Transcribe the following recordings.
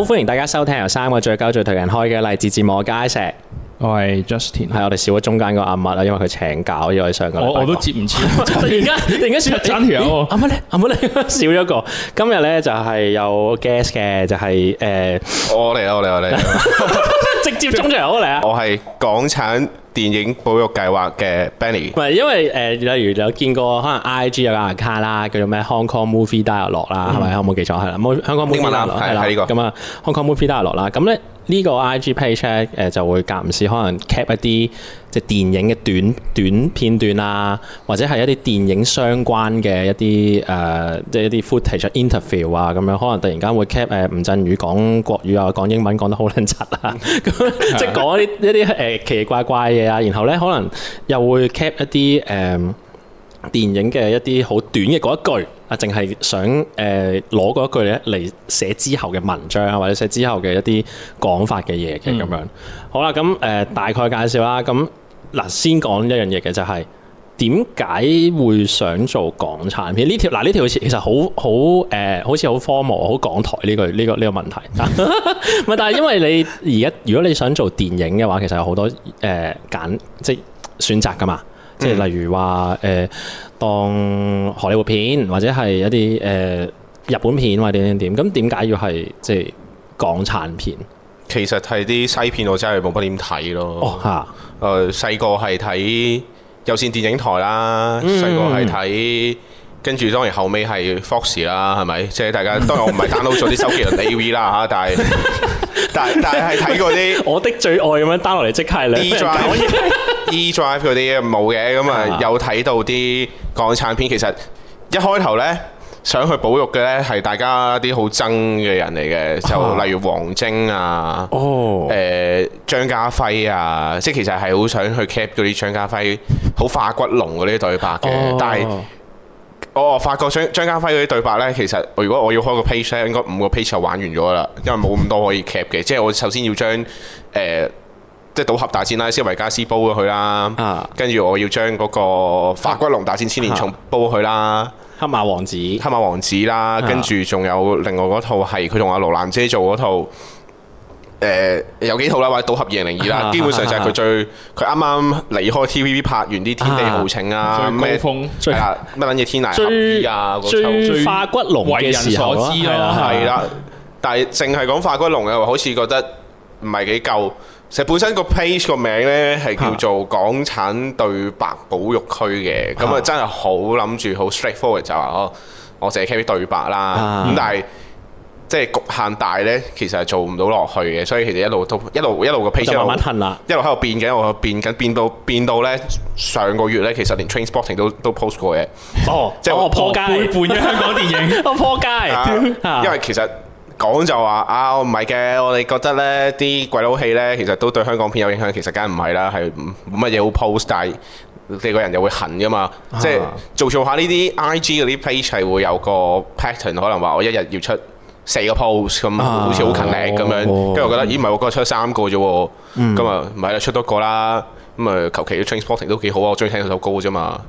好歡迎大家收聽由三個最鳩最頹人開嘅《勵志節目街石》。我係 Justin，係我哋少咗中間個阿 mud 啦，因為佢請假，所以上緊。我我都接唔切。突然間突然間少咗條阿阿 mud 少咗個。今日咧就係有 guest 嘅，就係誒，我嚟啦，我嚟我嚟，直接中場好嚟啊！我係港產電影保育計劃嘅 Benny。唔係因為誒，例如有見過可能 IG 有個 account 啦，叫做咩 Hong Kong Movie Dialogue 啦，係咪？我冇記錯係啦，冇香港電影啊，係啦呢個咁啊，Hong Kong Movie Dialogue 啦，咁咧。呢個 IG page 誒、呃、就會間唔時可能 cap 一啲即係電影嘅短短片段啊，或者係一啲電影相關嘅一啲誒、呃，即係一啲 footage interview 啊咁樣，可能突然間會 cap 誒、呃、吳鎮宇講國語啊，講英文講得好撚窒啊，即係講一啲一啲誒奇奇怪怪嘢啊，然後咧可能又會 cap 一啲誒、呃、電影嘅一啲好短嘅嗰一句。啊，淨係想誒攞嗰句咧嚟寫之後嘅文章啊，或者寫之後嘅一啲講法嘅嘢嘅咁樣。嗯、好啦，咁誒、呃、大概介紹啦。咁嗱，先講一樣嘢嘅就係點解會想做港產片呢條？嗱、呃、呢條其實好好誒，好似好科模。好港台呢句呢個呢、呢個呢個問題。 但係因為你而家如果你想做電影嘅話，其實有好多誒揀、呃，即係選擇噶嘛。即係例如話誒、呃，當荷里活片或者係一啲誒、呃、日本片或者點點點，咁點解要係即係港產片？其實係啲西片，我真係冇乜點睇咯。哦嚇，誒細個係睇有線電影台啦，細個係睇，跟住當然後尾係 Fox 啦，係咪？即係大家 當然我唔係 download 咗啲手機人 AV 啦嚇， 但係是。 但但係睇嗰啲我的最愛咁樣 down 落嚟，即係兩，e drive 嗰啲冇嘅。咁啊有睇到啲港產片。其實一開頭呢，想去保育嘅呢，係大家啲好憎嘅人嚟嘅，就例如王晶啊，哦、oh. 呃，誒張家輝啊，即係其實係好想去 cap 嗰啲張家輝好化骨龍嗰啲對白嘅，oh. 但係。我發覺張張家輝嗰啲對白呢，其實如果我要開個 page 呢，應該五個 page 就玩完咗啦，因為冇咁多可以 cap 嘅， 即係我首先要將誒、呃、即係《賭俠大戰拉斯維加斯》煲咗佢啦，跟住我要將嗰個《法骨龍大戰、啊、千年蟲》煲佢啦，《黑馬王子》、《黑馬王子》啦、啊，跟住仲有另外嗰套係佢同阿羅蘭姐做嗰套。誒、呃、有幾套啦，或者《賭俠二零零二》啦， 基本上就係佢最佢啱啱離開 TVB 拍完啲《天地豪情》啊，咩啊乜嘢《天涯俠醫》啊，最化骨龍為人所知嘅時候啦，係、啊啊、啦。但係淨係講化骨龍嘅話，好似覺得唔係幾夠。其實本身個 page 個名咧係叫做《港產對白保育區》嘅、啊，咁啊真係好諗住好 straightforward 就話哦，我淨係傾對白啦。咁、啊嗯、但係。即係局限大呢，其實係做唔到落去嘅，所以佢哋一路都一路一路個 page 一路一路喺度變緊，一路變緊變到變到呢。上個月呢，其實連 Trainspotting 都都 post 過嘅。哦，即係我破街 背叛咗香港電影， 我破街娘。啊、 因為其實講就話啊，我唔係嘅，我哋覺得呢啲鬼佬戲呢，其實都對香港片有影響，其實梗係唔係啦，係冇乜嘢好 post，但係你個人又會痕噶嘛，啊、即係做做下呢啲 IG 嗰啲 page 係會有個 pattern，可能話我一日要出。四個 pose 咁，好似好勤力咁樣，跟住、啊哦、我覺得咦，唔係我嗰日出三個啫喎，咁、嗯、啊，咪啦出多個啦，咁啊求其 Trainspotting 都幾好啊，我鍾意聽嗰首歌啫嘛。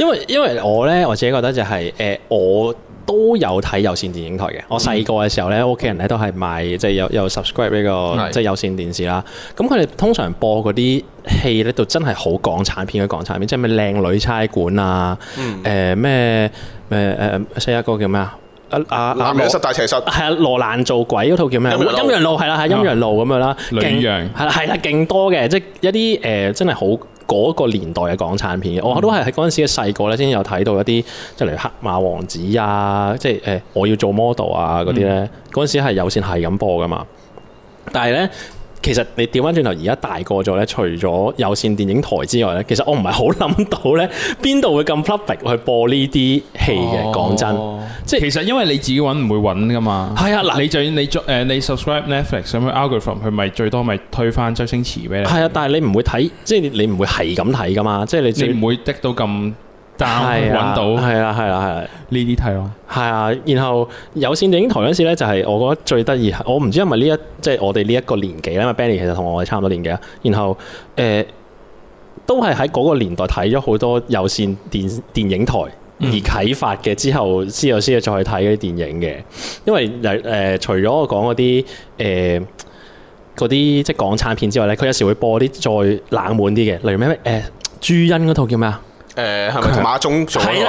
因為因為我咧，我自己覺得就係、是、誒、呃，我都有睇有線電影台嘅。我細個嘅時候咧，屋企、嗯、人咧都係買即係、就是、有有 subscribe 呢個即係有線電視啦。咁佢哋通常播嗰啲戲咧，就真係好港產片嘅港產片，即係咩靚女差館啊，誒咩誒誒西一、呃、個叫咩啊？阿阿南無室大邪室，係啊，羅蘭做鬼嗰套叫咩？欸、啊，啊？陰陽路係啦，係陰陽路咁樣啦，係啦係啦，勁、啊啊、多嘅，即係一啲誒、呃，真係好嗰個年代嘅港產片嘅，嗯、我都係喺嗰陣時嘅細個咧，先有睇到一啲，即係例如黑馬王子啊，即係誒、呃，我要做 model 啊嗰啲咧，嗰陣、嗯、時係有線係咁播噶嘛，但係咧。其實你調翻轉頭而家大個咗咧，除咗有線電影台之外咧，其實我唔係好諗到咧邊度會咁 public 去播呢啲戲嘅。哦、講真，即係其實因為你自己揾唔會揾噶嘛。係啊，嗱，你就算、uh, 你做你 subscribe Netflix 咁去 Algorithm，佢咪最多咪推返周星馳咩？係啊，但係你唔會睇，即係 你唔會係咁睇噶嘛。即係 你唔會滴到咁。係啊，係啊，係啊，呢啲睇咯。係啊，然後有線電影台嗰陣時咧，就係我覺得最得意。我唔知係咪呢一，即係、就是、我哋呢一個年紀咧，因為 Benny 其實同我哋差唔多年紀啊。然後誒、呃，都係喺嗰個年代睇咗好多有綫電電影台而啟發嘅，嗯、之後先後先去再去睇嗰啲電影嘅。因為誒、呃，除咗我講嗰啲誒嗰啲即係港產片之外咧，佢有時會播啲再冷門啲嘅，例如咩咩誒朱茵嗰套叫咩啊？誒，係咪同碼中咗啊？係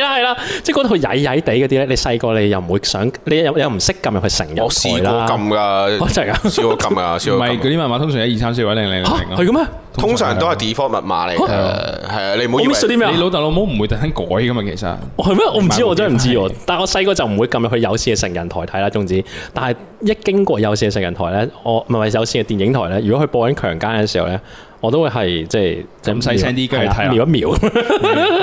啦係啦，即係嗰佢曳曳地嗰啲咧，你細個你又唔會想，你又又唔識撳入去成人台啦。我試過撳噶，我真係唔係，嗰啲密碼通常一二三四位，或者你零零。係咁啊？通常都係 default 密碼嚟嘅，係啊，你唔好。你老豆老母唔會特登改噶嘛？其實係咩？我唔知，我真係唔知。但係我細個就唔會撳入去有線嘅成人台睇啦，總之。但係一經過有線嘅成人台咧，我唔係有線嘅電影台咧，如果佢播緊強姦嘅時候咧。我都會係即係咁細聲啲跟住睇，瞄一瞄。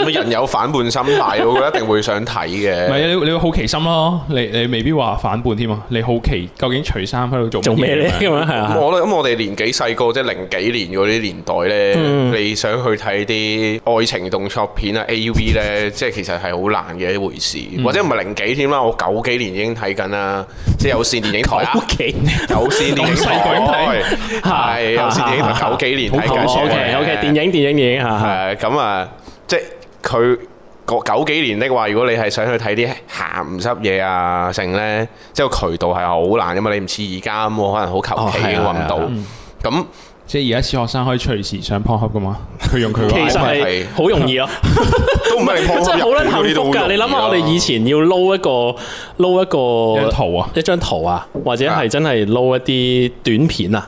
咁人有反叛心態，我覺得一定會想睇嘅。唔係你你好奇心咯，你你未必話反叛添啊？你好奇究竟徐生喺度做做咩咧，咁樣係啊？我諗咁我哋年紀細個即係零幾年嗰啲年代咧，你想去睇啲愛情動作片啊 AV 咧，即係其實係好難嘅一回事。或者唔係零幾添啦，我九幾年已經睇緊啦，即係有線電影台九有線電影台係有線電影台九幾年睇。哦，OK，OK，電影，電影，電影吓。係咁啊，即係佢九幾年的話，如果你係想去睇啲鹹濕嘢啊，剩咧，即係個渠道係好難㗎嘛。你唔似而家咁，可能好求其揾到。咁即係而家小學生可以隨時上 Pornhub 㗎嘛？佢用佢，其實係好容易啊，都唔係鋪入真係好幸福㗎！你諗下，我哋以前要撈一個撈一個圖啊，一張圖啊，或者係真係撈一啲短片啊。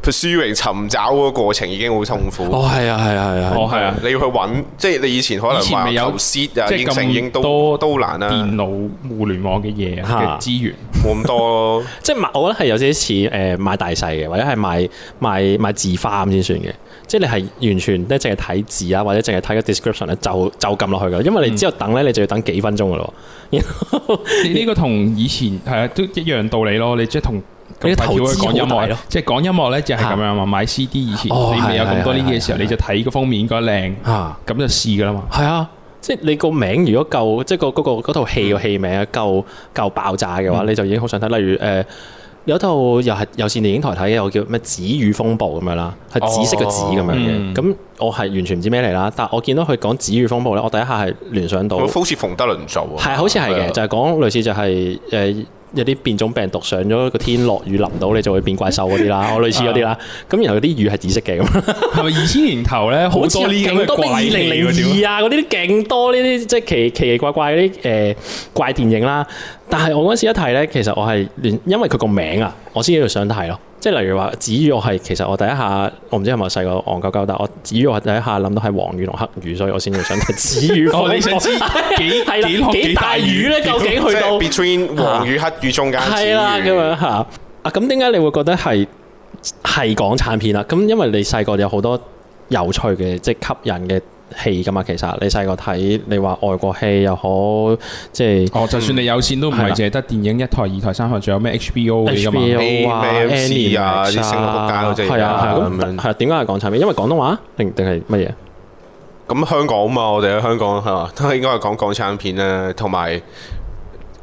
佢舒榮尋找嗰個過程已經好痛苦。哦，係啊，係啊，係啊， 哦，係啊， 你要去揾，即係你以前可能話求師啊，啲經驗都都難啊。電腦互聯網嘅嘢嘅資源冇咁多咯。 即係我覺得係有少少似誒買大細嘅，或者係買買買字花咁先算嘅。即係你係完全咧，淨係睇字啊，或者淨係睇個 description 咧，就就撳落去㗎。因為你之後等咧，嗯、你就要等幾分鐘㗎咯。呢個同以前係啊，都一樣道理咯。你即係同。咁你叫佢講音樂咯，即係講音樂咧就係咁樣嘛。買 CD 以前、哦、你未有咁多呢啲嘅時候，你就睇個封面應該靚吓，咁的就試噶啦嘛。係啊，即係你個名如果夠，即係、嗰個嗰個套戲個戲名夠夠爆炸嘅話，嗯、你就已經好想睇。例如誒、呃，有一套又係有線電影台睇嘅，我叫咩《紫雨風暴》咁樣啦，係紫色嘅紫咁樣嘅。咁、哦嗯、我係完全唔知咩嚟啦，但係我見到佢講《紫雨風暴》咧，我第一下係聯想到好似馮德倫做，係好似係嘅，就係講類似就係、是、誒。呃有啲變種病毒上咗個天落雨淋到你就會變怪獸嗰啲啦， 我類似嗰啲啦。咁 然後啲雨係紫色嘅，咁係咪二千年頭咧 好多勁多啲二零零二啊嗰啲勁多呢啲即係奇奇奇怪怪嗰啲誒怪電影啦。但係我嗰陣時一睇咧，其實我係連因為佢個名啊，我先要想睇咯。即係例如話紫雨，子我係其實我第一下我唔知係咪我細個戇鳩鳩，但我紫雨我第一下諗到係黃雨同黑雨，所以我先會想睇紫雨。子 哦，你想知幾 幾，幾大雨咧？究竟去到？Between 黃雨黑雨中間。係啦，咁樣嚇啊！咁點解你會覺得係係港產片啦？咁因為你細個有好多有趣嘅，即係吸引嘅。戲噶嘛，其實你細個睇，你話外國戲又好，即係、嗯、哦，就算你有錢都唔係淨係得電影一台、二台、三台，仲有咩 HBO 嘅嘛，咩咩 M C 啊啲星級佳嗰啲。係啊係啊，咁係點解係港產片？因為廣東話定定係乜嘢？咁香港啊嘛，我哋喺香港嚇，都 應該係講港產片啦，同埋。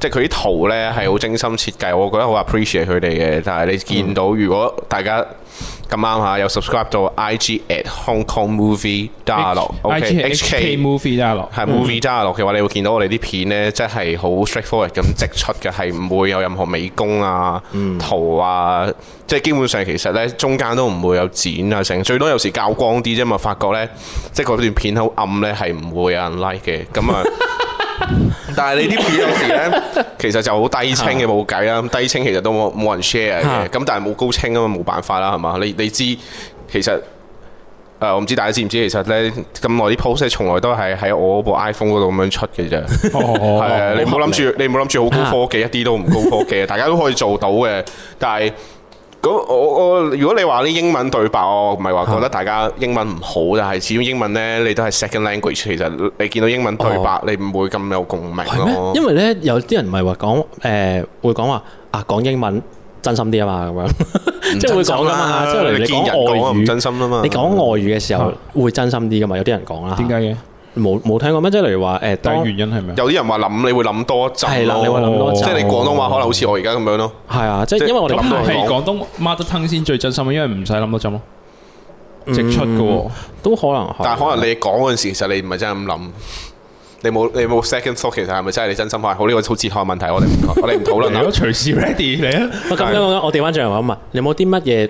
即係佢啲圖咧係好精心設計，我覺得好 appreciate 佢哋嘅。但係你見到，如果大家咁啱嚇有 subscribe 到 IG at Hong Kong Movie Dialogue，OK，HK Movie Dialogue 係 Movie Dialogue 嘅話，你會見到我哋啲片咧，即係好 straightforward 咁直出嘅，係唔會有任何美工啊、圖啊，嗯、即係基本上其實咧中間都唔會有剪啊，成最多有時較光啲啫嘛。發覺咧，即係嗰段片好暗咧，係唔會有人 like 嘅。咁、嗯、啊。 但係你啲片有時咧， 其實就好低清嘅，冇計啦。咁低清其實都冇冇人 share 嘅。咁 但係冇高清啊嘛，冇辦法啦，係嘛。你你知其實誒、呃，我唔知大家知唔知，其實咧咁耐啲 post 從來都係喺我部 iPhone 度咁樣出嘅啫。係你唔好諗住，你唔好諗住好高科技， 一啲都唔高科技， 大家都可以做到嘅。但係。咁我我如果你話啲英文對白，我唔係話覺得大家英文唔好，啊、但係始終英文咧，你都係 second language。其實你見到英文對白，哦、你唔會咁有共鳴。因為咧，有啲人唔係話講誒，會講話啊講英文真心啲啊嘛，咁樣即係會講㗎嘛？即係你講外語真心啦 說說嘛。啊、你講外語嘅、啊、時候會真心啲噶嘛？有啲人講啦，點解嘅？啊冇冇聽過咩？即係例如話誒，第一原因係咪啊？有啲人話諗，你會諗多陣。係啦，你會諗多陣。即係你廣東話可能好似我而家咁樣咯。係啊，即係因為我哋諗係廣東孖得湯先最真心，因為唔使諗多陣咯，直出噶喎。都可能係。但係可能你講嗰陣時，其實你唔係真係咁諗。你冇，你冇 second thought，其實係咪真係你真心話？好，呢個好哲學問題，我哋我哋唔討論。如果隨時 ready 嚟啊！我咁講，講，我哋翻轉嚟話乜？你有冇啲乜嘢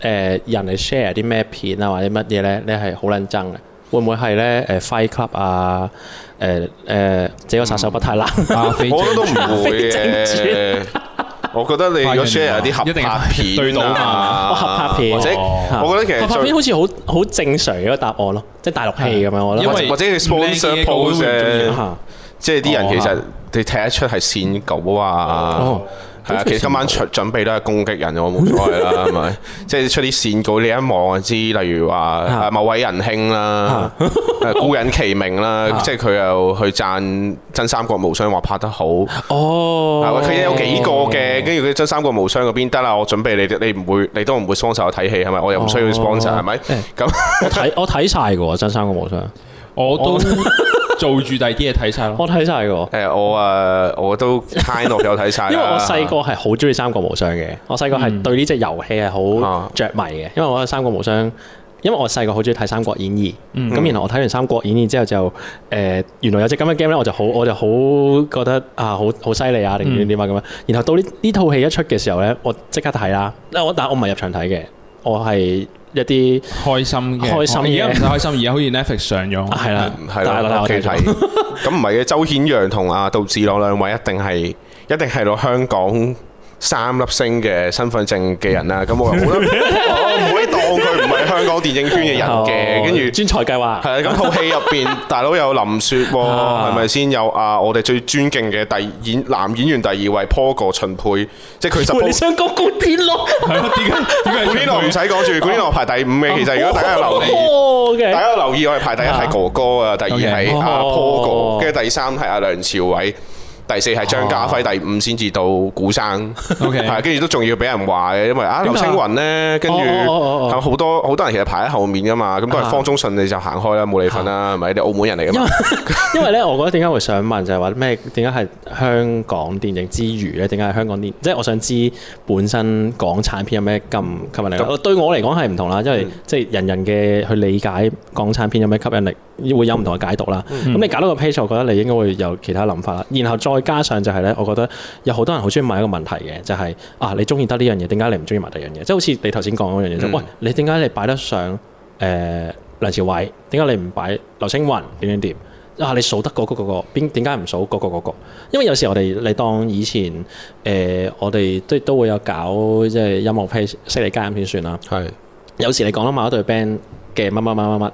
誒人嚟 share 啲咩片啊，或者乜嘢咧？你係好撚認真嘅。會唔會係咧？誒，fight club 啊！誒誒，這個殺手不太冷。我覺得都唔會嘅。我覺得你 share 有啲合拍片，對到嘛？合拍片，或者我覺得其實合拍片好似好好正常嘅答案咯，即係大陸戲咁樣。我覺得。或者或者你 post 上 post 嘅，即係啲人其實你睇得出係線稿啊。係啊，其實今晚出告準備都係攻擊人，我冇所謂啦，係咪？ 即係出啲善稿，你一望就知。例如話某位仁兄啦， 孤隱其名啦， 即係佢又去讚《真三國無雙》話拍得好。哦，佢有幾個嘅，跟住佢《真三國無雙》嗰邊得啦。我準備你，你唔會，你都唔會 sponsor 我睇戲，係咪？我又唔需要 sponsor，係咪？咁我睇我睇晒嘅《真三國無雙》。我都做住第二啲嘢，睇晒咯， 我睇晒嘅。誒，我啊，我都睇落有睇晒。因為我細個係好中意《三國無雙》嘅，我細個係對呢隻遊戲係好着迷嘅。因為我三國無雙，因為我細個好中意睇三國演義。咁、嗯、然後我睇完三國演義之後就誒、呃，原來有隻咁嘅 game 咧，我就好我就好覺得啊，好好犀利啊，定點點啊咁樣，怎樣。然後到呢呢套戲一出嘅時候咧，我即刻睇啦。但我但係我唔係入場睇嘅，我係。一啲開心嘅，開心而家唔使開心，而家好似 Netflix 上咗，係啦， 係啦，我哋睇 Okay,，咁唔係嘅，周顯揚同阿杜智朗兩位一定係一定係攞香港三粒星嘅身份證嘅人啦，咁 我又好。 電影圈嘅人嘅，跟住專才計劃係啊！咁套戲入邊，大佬有林雪喎，係咪先有啊？我哋最尊敬嘅第演男演員第二位，Pogo 秦沛，即係佢十。你想講古天樂？係啊，點古天樂唔使講住，古天樂排第五嘅。其實如果大家有留意，大家留意我哋排第一係哥哥啊，第二係阿 p o g 跟住第三係阿梁朝偉。第四係張家輝，啊、第五先至到古生，係跟住都仲要俾人話嘅，因為劉青雲呢啊劉青雲咧，跟住係好多好、啊啊啊、多人其實排喺後面噶嘛，咁、啊、都係方中信、啊、你就行開啦，冇你份啦，係咪啲澳門人嚟噶？因為咧， 因為我覺得點解會想問就係話咩？點解係香港電影之餘咧？點解係香港電影？即、就、係、是、我想知本身港產片有咩咁吸引力？我、嗯、對，對我嚟講係唔同啦，因為即係人人嘅去理解港產片有咩吸引力。會有唔同嘅解讀啦，咁、嗯嗯、你搞到個 page 我覺得你應該會有其他諗法啦。然後再加上就係、是、咧，我覺得有好多人好中意問一個問題嘅，就係、是、啊，你中意得呢樣嘢，點解你唔中意埋第樣嘢？即係好似你頭先講嗰樣嘢，就、嗯、喂，你點解你擺得上誒、呃、梁朝偉？點解你唔擺劉青雲？點點點啊？你數得過嗰個那個邊、那個？點解唔數嗰個個、那個？因為有時我哋你當以前誒、呃、我哋都都會有搞即係音樂 page，識你加音先算啦。係的有時你講得某一對 band 嘅乜乜乜乜乜。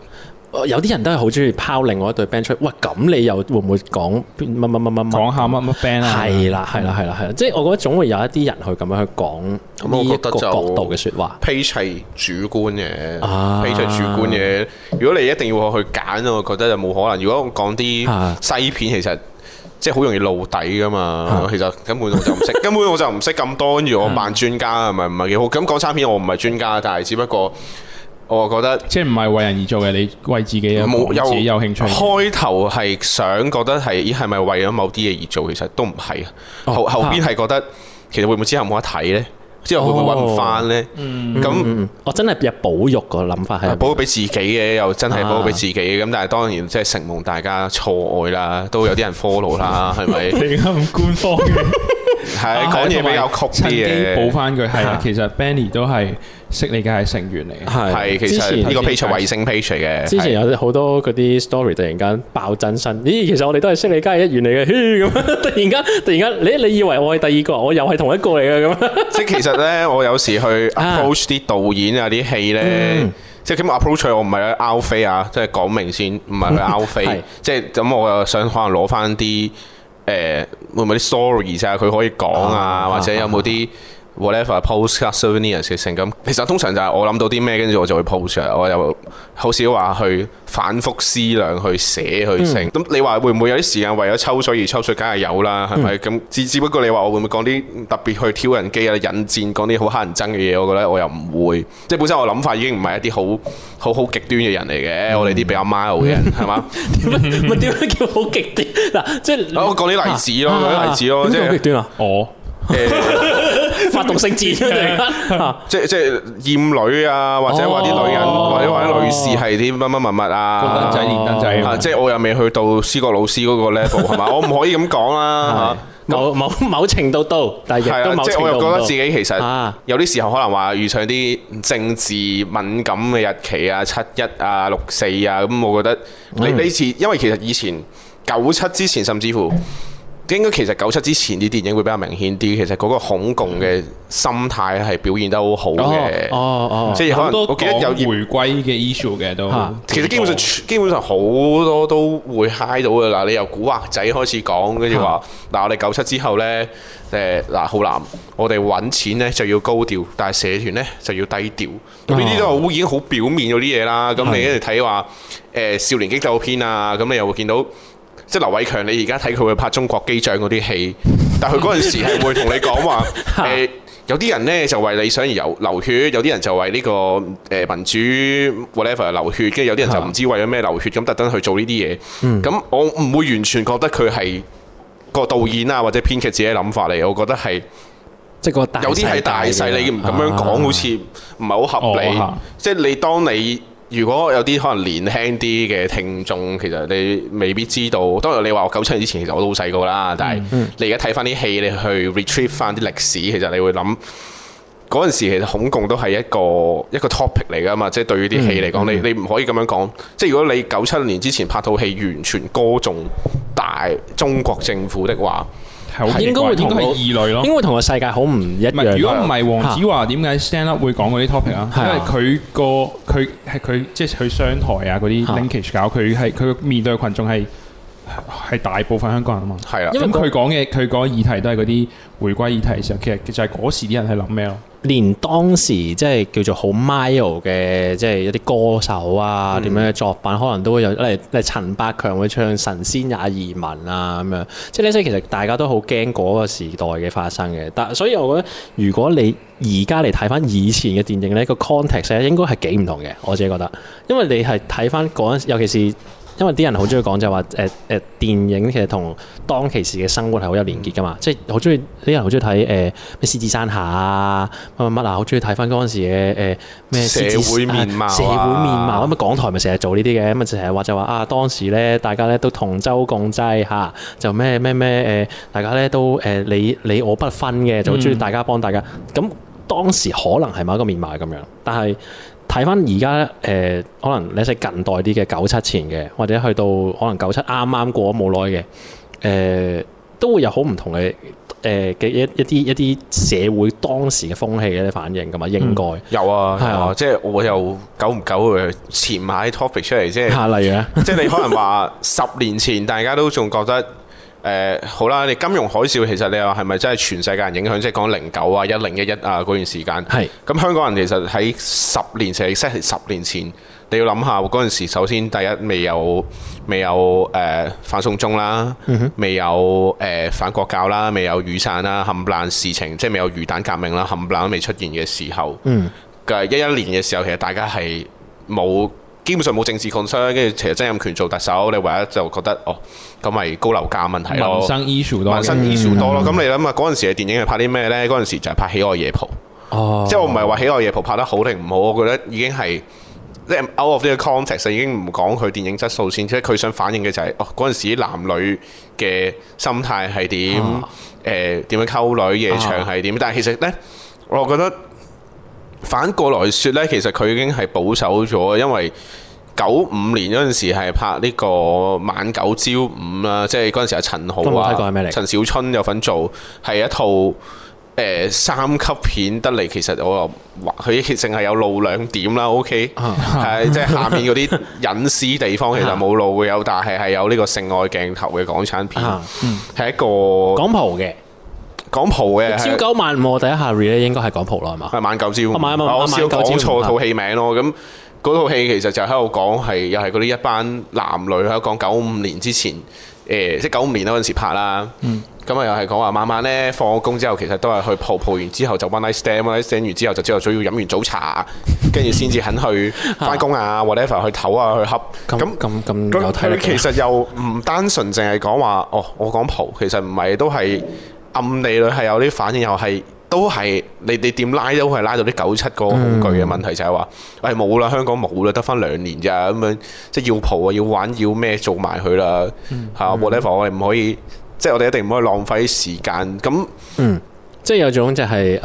有啲人都係好中意拋另外一隊 band 出，喂，咁你又會唔會講乜乜乜乜乜？講下乜乜 band 啊？係啦，係啦，係啦，係啦，即係我覺得總會有一啲人去咁樣去講依個角度嘅説話。批砌主觀嘅，批砌主觀嘅。如果你一定要我去揀，我覺得就冇可能。如果講啲西片，其實即係好容易露底噶嘛。其實根本我就唔識，根本我就唔識咁多。跟住我扮專家係咪唔係幾好？咁講港產片我唔係專家，但係只不過。我覺得即係唔係為人而做嘅，你為自己啊，冇自己有興趣。開頭係想覺得係咦，係咪為咗某啲嘢而做？其實都唔係。後後邊係覺得其實會唔會之後冇得睇呢？之後會唔會揾翻呢？咁我真係有保育個諗法係保育俾自己嘅，又真係保育俾自己嘅。咁但係當然即係承蒙大家錯愛啦，都有啲人 follow 啦，係咪？點解咁官方嘅？係啊，講嘢比較曲啲嘅。補翻句係啊，其實 Benny 都係。識你家系成員嚟，係其實呢前個 page 係衛星 page 嚟嘅。之前有好多嗰啲 story 突然間爆真身，是咦？其實我哋都係識你家系一員嚟嘅，咁突然間 突然間，你你以為我係第二個，我又係同一個嚟嘅咁樣。即係其實咧，我有時去 approach 啲、啊、導演啊，啲戲咧，嗯、即係咁 approach 我唔係去 out 飛啊，a, 即係講明先，唔係去 out 飛。A, 是即係咁，我又想可能攞翻啲誒，會唔會啲 story 啊？佢可以講啊，或者有冇啲？ whatever post 卡 souvenir 成咁，其實通常就係我諗到啲咩，跟住我就會 post 我又好少話去反覆思量去寫去性。咁你話會唔會有啲時間為咗抽水而抽水，梗係有啦，係咪咁？只只不過你話我會唔會講啲特別去挑人機啊、引戰，講啲好乞人憎嘅嘢？我覺得我又唔會，即係本身我諗法已經唔係一啲好好好極端嘅人嚟嘅。我哋啲比較 mild 嘅人係嘛？咪點樣叫好極端？嗱，即係我講啲例子咯，舉啲例子咯，即係點極端啊？哦。誒， 發動性戰 即係即係厭女啊，或者話啲女人，哦、或者話啲女士係啲乜乜物物啊，仔、即係我又未去到思國老師嗰個 level 吓， 我唔可以咁講啦吓。是啊、某某程度到，但係亦都某程度到，即係我又覺得自己其實有啲時候可能話遇上啲政治敏感嘅日期啊，七一啊，六四啊，咁我覺得你呢次，因為其實以前九七之前，甚至乎、啊。啊應該其實九七之前啲電影會比較明顯啲，其實嗰個恐共嘅心態係表現得好好嘅、哦。哦哦，即係可能我記得有回歸嘅 issue 嘅都、啊。其實基本上基本上好多都會嗨到㗎喇，你由古惑仔開始講，跟住話嗱我哋九七之後咧，誒、啊、嗱，浩南，我哋揾錢咧就要高調，但係社團咧就要低調。呢啲都係已經好表面嗰啲嘢啦。咁你一就睇話誒少年激鬥片啊，咁你又會見到。即係劉偉強，你而家睇佢會拍中國機長嗰啲戲，但係佢嗰陣時係會同你講話、 欸，有啲人呢，就為理想而流流血，有啲人就為呢、這個誒、呃、民主 whatever 流血，跟住有啲人就唔知為咗咩流血，咁特登去做呢啲嘢。咁、嗯、我唔會完全覺得佢係個導演啊或者編劇自己諗法嚟，我覺得係即係個大有啲係大細，大你唔咁樣講，啊、好似唔係好合理。即係、啊啊、你當你。如果有啲可能年輕啲嘅聽眾，其實你未必知道。當然你話我九七年之前，其實我都好細個啦，但係你而家睇翻啲戲，你去 retrieve 翻啲歷史，其實你會諗嗰陣時其實恐共都係一個一個 topic 嚟噶嘛，即係對於啲戲嚟講，嗯、你你唔可以咁樣講。即係如果你九七年之前拍套戲，完全歌頌大中國政府的話。應該會、那個、應該係異類咯，應該同個世界好唔一樣咯。如果唔係黃子華點解、啊、stand up 會講嗰啲 topic 啊？因為佢個佢係佢即係佢商台 uage，啊嗰啲 linkage 搞，佢係佢面對群眾係。係大部分香港人啊嘛，係啊因為，咁佢講嘅佢講議題都係嗰啲回歸議題嘅時候，其實就係嗰時啲人係諗咩咯？連當時即係、就是、叫做好 mild 嘅，即、就、係、是、一啲歌手啊，點樣嘅作品，嗯、可能都會有，例如陳百強會唱《神仙也移民》啊，咁樣，即係呢啲其實大家都好驚嗰個時代嘅發生嘅。但所以我覺得，如果你而家嚟睇翻以前嘅電影呢，個 context 咧應該係幾唔同嘅。我自己覺得，因為你係睇翻嗰陣，尤其是。因為啲人好中意講就話誒誒電影其實同當其時嘅生活係好有連結㗎嘛，即係好中意啲人好中意睇誒咩呃、《獅子山下》乜乜啊，好中意睇翻嗰陣時嘅誒咩社會面貌，社會面貌咁啊！港台咪成日做呢啲嘅，咁啊成日話就話啊，當時咧大家咧都同舟共濟吓、啊，就咩咩咩誒，大家咧都誒、啊、你你我不分嘅，就好中意大家幫大家。咁、嗯、當時可能係某一個面貌咁樣，但係。睇翻而家誒，可能你係近代啲嘅九七前嘅，或者去到可能九七啱啱過咗冇耐嘅，誒、呃、都會有好唔同嘅誒嘅一一啲一啲社會當時嘅風氣嘅反應噶嘛，應該、嗯、有啊，係啊，啊即係我又久唔久誒，潛埋啲 topic 出嚟啫。嚇，例如咧，即係例 你可能話十年前大家都仲覺得。誒、嗯、好啦，你金融海嘯其實你話係咪真係全世界人影響？即係講零九啊、一零、一一啊嗰段時間。係是。咁香港人其實喺十年前 s e 十年前，你要諗下嗰陣時，首先第一未有未有誒、啊、反送中啦，嗯、哼未有誒、呃、反國教啦，未有雨傘啦冚爛事情，即係未有雨蛋革命啦冚爛都未出現嘅時候，嘅一一年嘅時候，其實大家係冇。基本上冇政治抗爭，跟住其實曾蔭權做特首，你唯一就覺得哦，咁咪高樓價問題咯。民生議題多，民生議題多咯。咁、嗯嗯、你諗下嗰陣時嘅電影係拍啲咩呢？嗰陣時就係拍《喜愛夜蒲》哦。即係我唔係話《喜愛夜蒲》拍得好定唔好，我覺得已經係即係 out of the context 已經唔講佢電影質素先，即係佢想反映嘅就係、是、哦，嗰陣時男女嘅心態係點？誒點、嗯呃、樣溝女夜場係點？啊、但係其實呢，我覺得。反過來說呢，其實佢已經係保守咗，因為九五年嗰陣時係拍呢個晚九朝五啦，嗯、即係嗰陣時係陳豪、陳小春有份做，係一套、呃、三級片得嚟。其實我又話佢淨係有露兩點啦，OK，係即係下面嗰啲隱私地方、嗯、其實冇露嘅，嗯嗯、但有但係係有呢個性愛鏡頭嘅港產片，係一個港譜嘅。嗯嗯嗯嗯嗯嗯嗯講蒲嘅，朝九晚五，我第一下 read 咧，應該係講蒲咯，係嘛？係、啊、晚九朝五。晚晚我唔係，我我我講錯套戲名咯。咁嗰套戲其實就喺度講係，又係嗰啲一班男女喺度講九五年之前，誒，即係九五年嗰陣時拍啦。咁、嗯、啊，嗯、又係講話晚晚咧，放咗工之後其實都係去蒲，蒲完之後就 one night stand，one night stand 完之後就朝頭早要飲完早茶，跟住先至肯去翻工啊，whatever 去唞啊去恰。咁咁咁有體力。佢其實又唔單純，淨係講話哦，我講蒲，其實唔係，都係。暗地裏係有啲反應，又係都係你你點拉都係拉到啲九七個恐懼嘅問題，嗯、就係話，喂、哎，冇啦，香港冇啦，得翻兩年咋咁樣，即係要蒲啊，要玩要咩做埋佢啦，嚇 whatever，、嗯、我哋唔可以，嗯、即係我哋一定唔可以浪費時間，咁、嗯、即係有種就係誒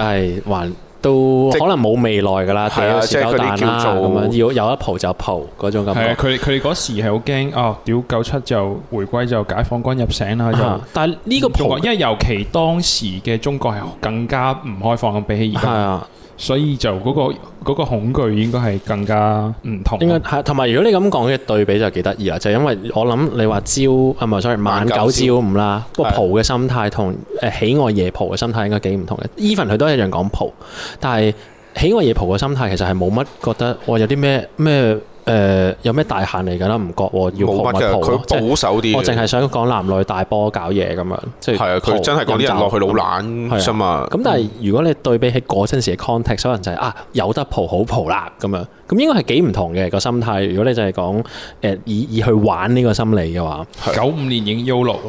還。哎都可能冇未來噶啦，是第一，紙包蛋啦，咁樣要有一蒲就蒲嗰種感覺。佢佢嗰時係好驚，哦，屌九七就回歸就解放軍入城啦，的就。但係呢個蒲，因為尤其當時嘅中國係更加唔開放，咁比起而家。所以就嗰、嗰個嗰個恐懼應該係更加唔同，應該係同埋如果你咁講嘅對比就幾得意啦，就係、因為我諗你話朝係咪，所謂晚九 朝五啦，個蒲嘅心態同誒的、呃、喜愛夜蒲嘅心態應該幾唔同嘅。Even 佢都一樣講蒲，但係喜愛夜蒲嘅心態其實係冇乜覺得，我有啲咩咩～誒、呃、有咩大限嚟㗎啦？唔覺喎，要學咪蒲咯。我淨係想講男女大波搞嘢咁樣，即係係啊！佢真係嗰啲人落去老懶係啊嘛。咁、嗯、但係如果你對比起嗰陣時嘅 context，可能就係、是、啊有得蒲好蒲啦咁樣。咁應該係幾唔同嘅個心態。如果你就係講誒以以去玩呢個心理嘅話，九五的年影 U 六。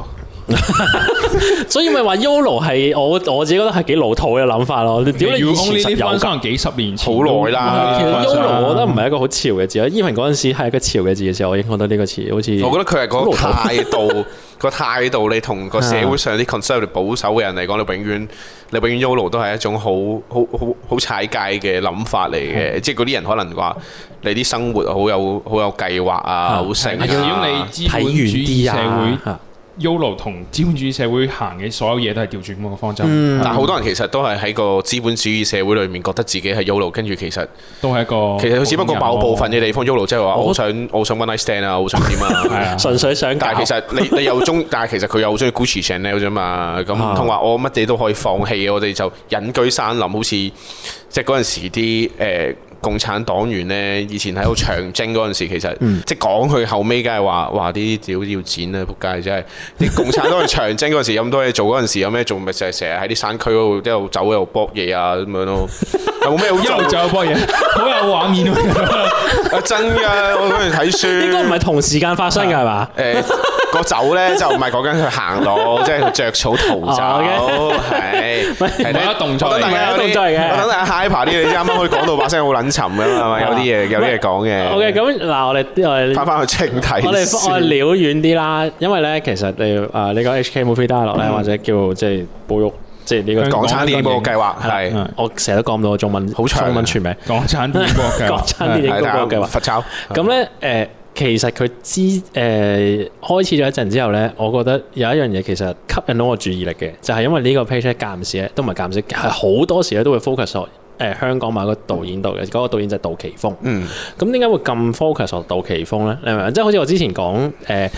所以咪話 YO、YOLO 係我我自己覺得係幾老土嘅諗法咯。你講你講，呢啲可能幾十年前好耐啦。YOLO 我覺得唔係一個好潮嘅字。因為嗰陣時係一個潮嘅字嘅時候，我已經覺得呢個詞好似。我覺得佢係個態度，個態 度你同個社會上啲 conservative 保守嘅人嚟講，你永遠你永遠 YOLO 都係一種好好好好踩界嘅諗法嚟嘅。嗯、即係嗰啲人可能話你啲生活好有好有計劃啊，好醒、啊。如果、啊、你資本主義 YOLO 同資本主義社會行嘅所有嘢都係調轉咁個方針，但係好多人其實都係喺個資本主義社會裡面覺得自己係 YOLO 跟住其實都係一個其實佢只不過某部分嘅地方 YOLO 即係話我好想我想 one night stand 啊，我想點啊，純粹想。但係其實你你又中，但係其實佢又好中意 Gucci Chanel 啫嘛，咁唔通話我乜嘢都可以放棄我哋就隱居山林，好似即係嗰陣時啲誒。共產黨員咧，以前喺度長征嗰陣時，其實、嗯、即講佢後尾，梗係話哇啲料要，要剪啊，仆街！真係啲共產黨去長征嗰陣時，有咁多嘢做嗰陣時，有咩做咪成日喺啲山區嗰度一路走又搏嘢啊咁樣咯。有冇咩好一路走搏嘢？好 有畫面啊！ 真㗎，我嗰陣睇書。 應該唔係同時間發生㗎，係嘛？ 誒、呃。 個走咧就唔係講緊佢行路，即係佢著草逃走，係。好多動作嚟嘅。我等下 hyper 啲，你知啱啱可以講到把聲好撚沉噶嘛，係咪？有啲嘢，有啲嘢講嘅。OK，咁嗱，我哋我哋翻翻去清睇。我哋我撩遠啲啦，因為咧其實你啊，你講 HK Movie Dialogue 咧，或者叫即係保育，即係呢個港產電影計劃係。我成日都講唔到中文，好長中文全名。港產電影保育計劃。罰抄。咁咧誒？其實佢之誒開始咗一陣之後咧，我覺得有一樣嘢其實吸引到我注意力嘅，就係、是、因為呢個 page 咧，間唔時咧都唔係間唔時，好、嗯、多時咧都會 focus 喎香港某個導演度嘅，嗰、那個導演就係杜琪峰，嗯。咁點解會咁 focus 喎杜琪峰咧？你明唔明？即、就、係、是、好似我之前講誒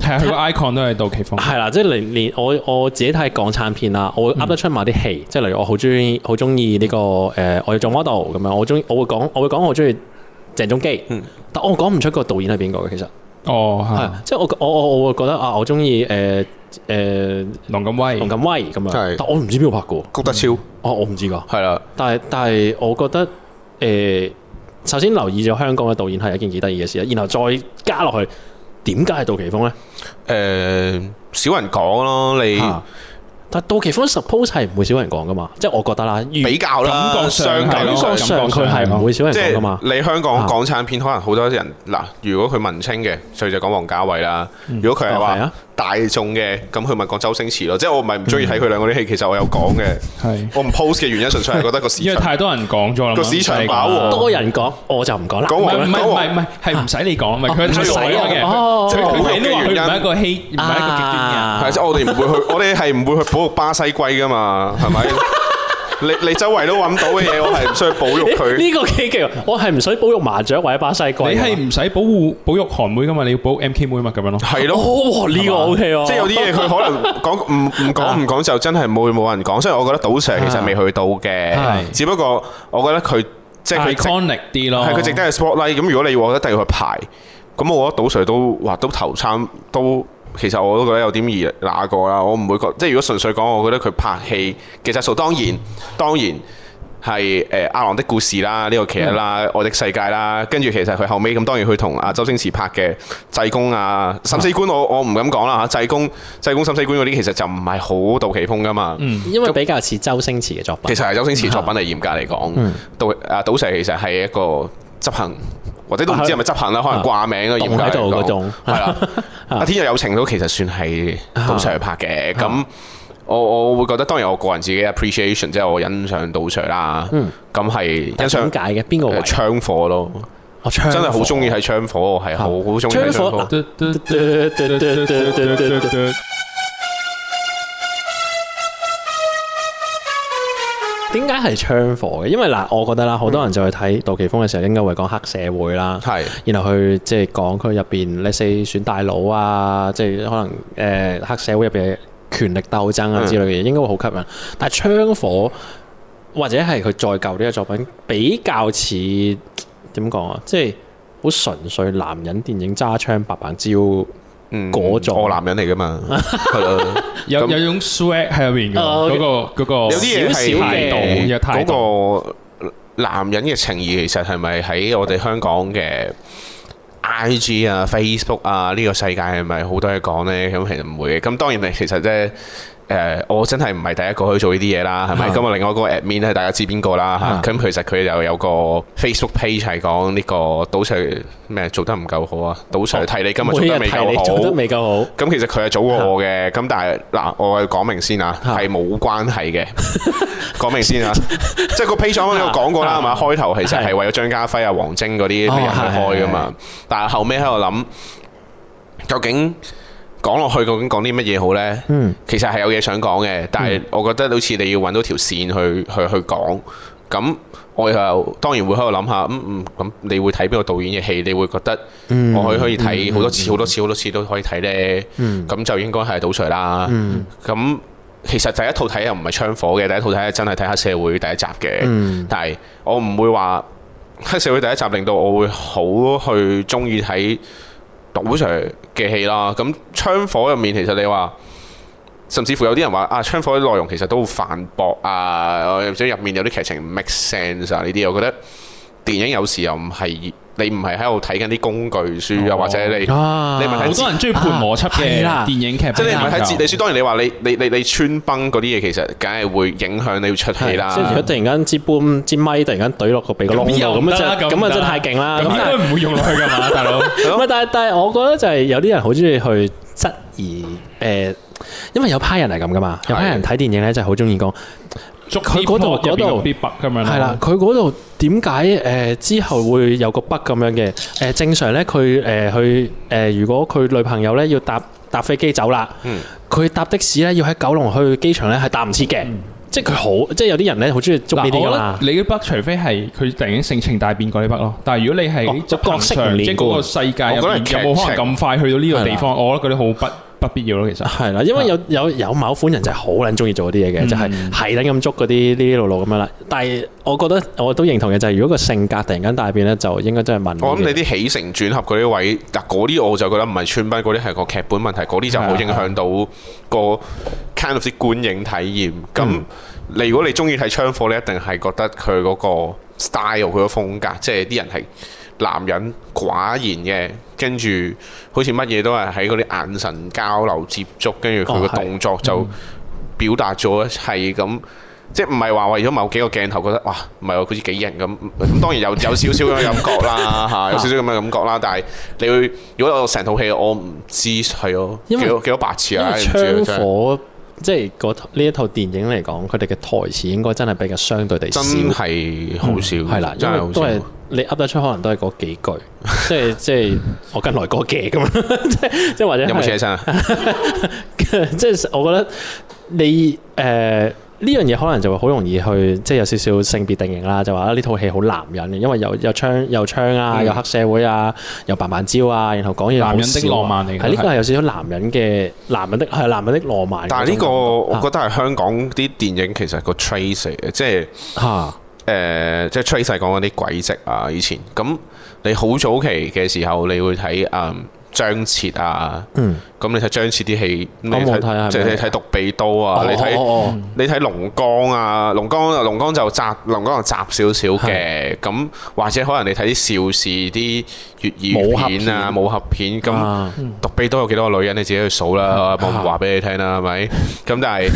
誒佢個 icon 他都係杜琪峰，係啦，即係連連我我自己睇港產片啦，我噏得出某啲戲，即係、嗯、例如我好中意好中意呢個誒、呃、我要做 model 咁樣，我中意我會講我會講我中意。鄭中基，嗯，但我講唔出個導演係邊個嘅，其實哦，係，即係我我我我會覺得啊，我中意誒誒，梁、呃、錦威，梁錦威咁樣，的但我唔知邊度拍嘅，谷德超、嗯，哦，我唔知噶，係啦的，但係但係我覺得誒、呃，首先留意咗香港嘅導演係一件幾得意嘅事，然後再加落去，點解係杜琪峰咧？誒、呃，少人講咯，你。但杜琪峯 suppose 係唔會少人講㗎嘛，即係我覺得啦，比較啦，感覺上感覺上佢係唔會少人講㗎嘛。你香港港產片可能好多啲人嗱，的如果佢文青嘅，所以就講王家衞啦。嗯、如果佢係話，大眾嘅咁佢咪講周星馳咯，即係我唔係唔中意睇佢兩個啲戲，其實我有講嘅，我唔 post 嘅原因純粹係覺得個市，因為太多人講咗啦，個市場飽，多人講我就唔講啦，唔係唔係唔係係唔使你講咪，佢使死硬嘅，佢係呢個佢唔係一個戲唔係一個極端人，即我哋唔會去，我哋係唔會去保護巴西龜噶嘛，係咪？ 你你周圍都揾到嘅嘢，我係唔需要保育佢。呢、 欸這個幾勁我係唔使保育麻雀或者巴西龜。你係唔使保護保育韓妹㗎嘛？你要保 M K 妹嘛？咁樣咯。係咯、哦。呢、這個 O K 喎。即係有啲嘢佢可能講唔唔講唔講就真係冇冇人講，所以我覺得杜 Sir 其實未去到嘅。啊、只不過我覺得佢、啊、即係佢。係 iconic 啲咯。係佢值得係 spotlight 咁，如果你要我咧，一定要去排。咁我覺得杜 Sir 都哇，都頭餐都。其實我都覺得有點兒那個啦，我唔會覺得即係如果純粹講，我覺得佢拍戲，其實數當然、嗯、當然係誒、呃《阿郎的故事》啦，呢、這個劇啦，嗯《我的世界》啦，跟住其實佢後尾咁當然佢同阿周星馳拍嘅、啊《濟、啊、公》啊，《審死官》我我唔敢講啦嚇，《濟公》《濟公》《審死官》嗰啲其實就唔係好杜琪峯噶嘛、嗯，因為比較似周星馳嘅作品。其實係周星馳作品嚟、嗯、嚴格嚟講，杜阿、嗯啊、杜 Sir 其實係一個執行。或者都唔知係咪執行啦，可能掛名啊，點解？棟喺度嗰種係啦，《天若有情》都其實算係杜 Sir 去拍嘅。咁我我會覺得，當然我個人自己 appreciation，即係我欣賞杜 Sir 啦。咁係欣賞。點解嘅？邊個槍火咯？真係好中意係槍火，我係好好中意槍火。點解係槍火嘅？因為嗱，我覺得啦，好多人就去睇杜琪峯嘅時候，應該會講黑社會啦，係、嗯，然後去即係講佢入邊你四 s 選大佬啊，即係可能誒、呃嗯、黑社會入邊嘅權力鬥爭啊之類嘅嘢，應該會好吸引。嗯、但係槍火或者係佢再舊啲嘅作品，比較似點講啊？即係好純粹男人電影揸槍白棒招。嗰座、嗯、男人嚟噶嘛，係咯，有有種 swagger 喺入邊嘅，嗰、okay。嗰個、嗰個有啲嘢係嗰個男人嘅情義其是是、啊啊是是其，其實係咪喺我哋香港嘅 I G 啊、Facebook 啊呢個世界係咪好多嘢講呢？咁其實唔會嘅，咁當然係其實啫。誒，我真係唔係第一個去做呢啲嘢啦，係咪？咁啊，另外個 admin 咧，大家知邊個啦？咁其實佢就有個 Facebook page 係講呢個賭場咩做得唔夠好啊，賭場替你今日做得未夠好，做得未夠好。咁其實佢係早過我嘅，咁但係嗱，我講明先啊，係冇關係嘅。講明先啊，即係個 page 我喺度講過啦，係嘛？開頭其實係為咗張家輝啊、王晶嗰啲嚟開噶嘛，但係後尾喺度諗究竟。講落去究竟講啲乜嘢好呢？其實係有嘢想講嘅，但係我覺得好似你要揾到條線去去去講。咁我又當然會喺度諗下，咁、嗯、咁你會睇邊個導演嘅戲？你會覺得我可以睇好多次、好多次、好多次都可以睇呢，咁、嗯、就應該係杜 Sir 啦。咁、嗯、其實第一套睇又唔係槍火嘅，第一套睇係真係睇黑社會第一集嘅。嗯、但係我唔會話黑社會第一集令到我會好去鍾意睇。賭上嘅戲啦，咁槍火入面其實你話，甚至乎有啲人話啊，槍火啲內容其實都好反駁啊，或者入面有啲劇情唔 make sense 啊，呢啲我覺得電影有時又唔係。.你唔係喺度睇緊啲工具書，又或者你，你咪睇好多人中意判我出戲啦，電影劇，即係你唔係睇字，你書當然你話你你你你穿崩嗰啲嘢，其實梗係會影響你要出戲啦。即如果突然間接半接咪，突然間懟落個鼻哥窿度，咁啊真係太勁啦！咁但唔會用落去噶嘛，大佬。唔係，但係但係，我覺得就係有啲人好中意去質疑，誒，因為有批人係咁噶嘛，有批人睇電影咧就係好中意講。佢嗰度嗰度係啦，佢嗰度點解誒之後會有個 bug 咁樣嘅？誒正常咧，佢誒去誒，如果佢女朋友咧要搭搭飛機走啦，嗯，佢搭的士咧要喺九龍去機場咧係搭唔切嘅，即係佢好，即係有啲人咧好鍾意捉呢啲啦。你嗰 bug 除非係佢突然性情大變過啲 bug 咯，但係如果你係角色即係嗰個世界入面有冇可能咁快去到呢個地方？我覺得嗰啲好 bug。不必要咯，其實係啦，因為有有有某款人就係好撚中意做啲嘢嘅，嗯、就係係撚咁捉嗰啲啲路路咁樣啦。但係我覺得我都認同嘅就係，如果個性格突然間大變咧，就應該真係問我諗你啲起承轉合嗰啲位，嗱嗰啲我就覺得唔係穿幫，嗰啲係個劇本問題，嗰啲就好影響到個 kind of 觀影體驗。咁、like、你、嗯、如果你中意睇槍火咧，你一定係覺得佢嗰個 style 佢個風格，即係啲人係男人寡言嘅。跟住好似乜嘢都係喺嗰啲眼神交流接觸，跟住佢個動作就表達咗一切咁，哦嗯、即係唔係話為咗某幾個鏡頭覺得哇，唔係喎好似幾型咁，咁當然有有少少嘅感覺啦，嚇 有少少咁嘅感覺啦，但係你會，如果有我成套戲我唔知係咯，幾多幾多白痴啊！因為槍火即係呢一套電影嚟講，佢哋嘅台詞應該真係比較相對地少。真係好少。係啦、嗯，因為都係你噏得出，可能都係嗰幾句。 即係即係我近來嗰嘅。咁。即 即，即或者有冇扯起身啊？ 即係我覺得你誒。呃呢樣嘢可能就會好容易去，即係有少少性別定型啦，就話呢套戲好男人嘅，因為有有槍有槍啊，有黑社會啊，有白板招啊，然後講嘢、啊、男人的浪漫嚟，呢個係有少少男人嘅的男人的係男人的浪漫的。但係呢個我覺得係香港啲電影其實個趨勢嘅，即係嚇誒，即係趨勢講嗰啲軌跡啊，以前咁你好早期嘅時候，你會睇啊。Um, 張徹啊，嗯，咁你睇張徹啲戲，即係你睇《獨臂刀》啊，你睇《龍江》啊，《龍江》，《龍江》就雜，《龍江》就雜少少嘅，咁或者可能你睇啲邵氏啲粵語片啊，武俠片，咁《獨臂刀》有幾多個女人，你自己去數啦，我唔話俾你聽啦，係咪？咁但係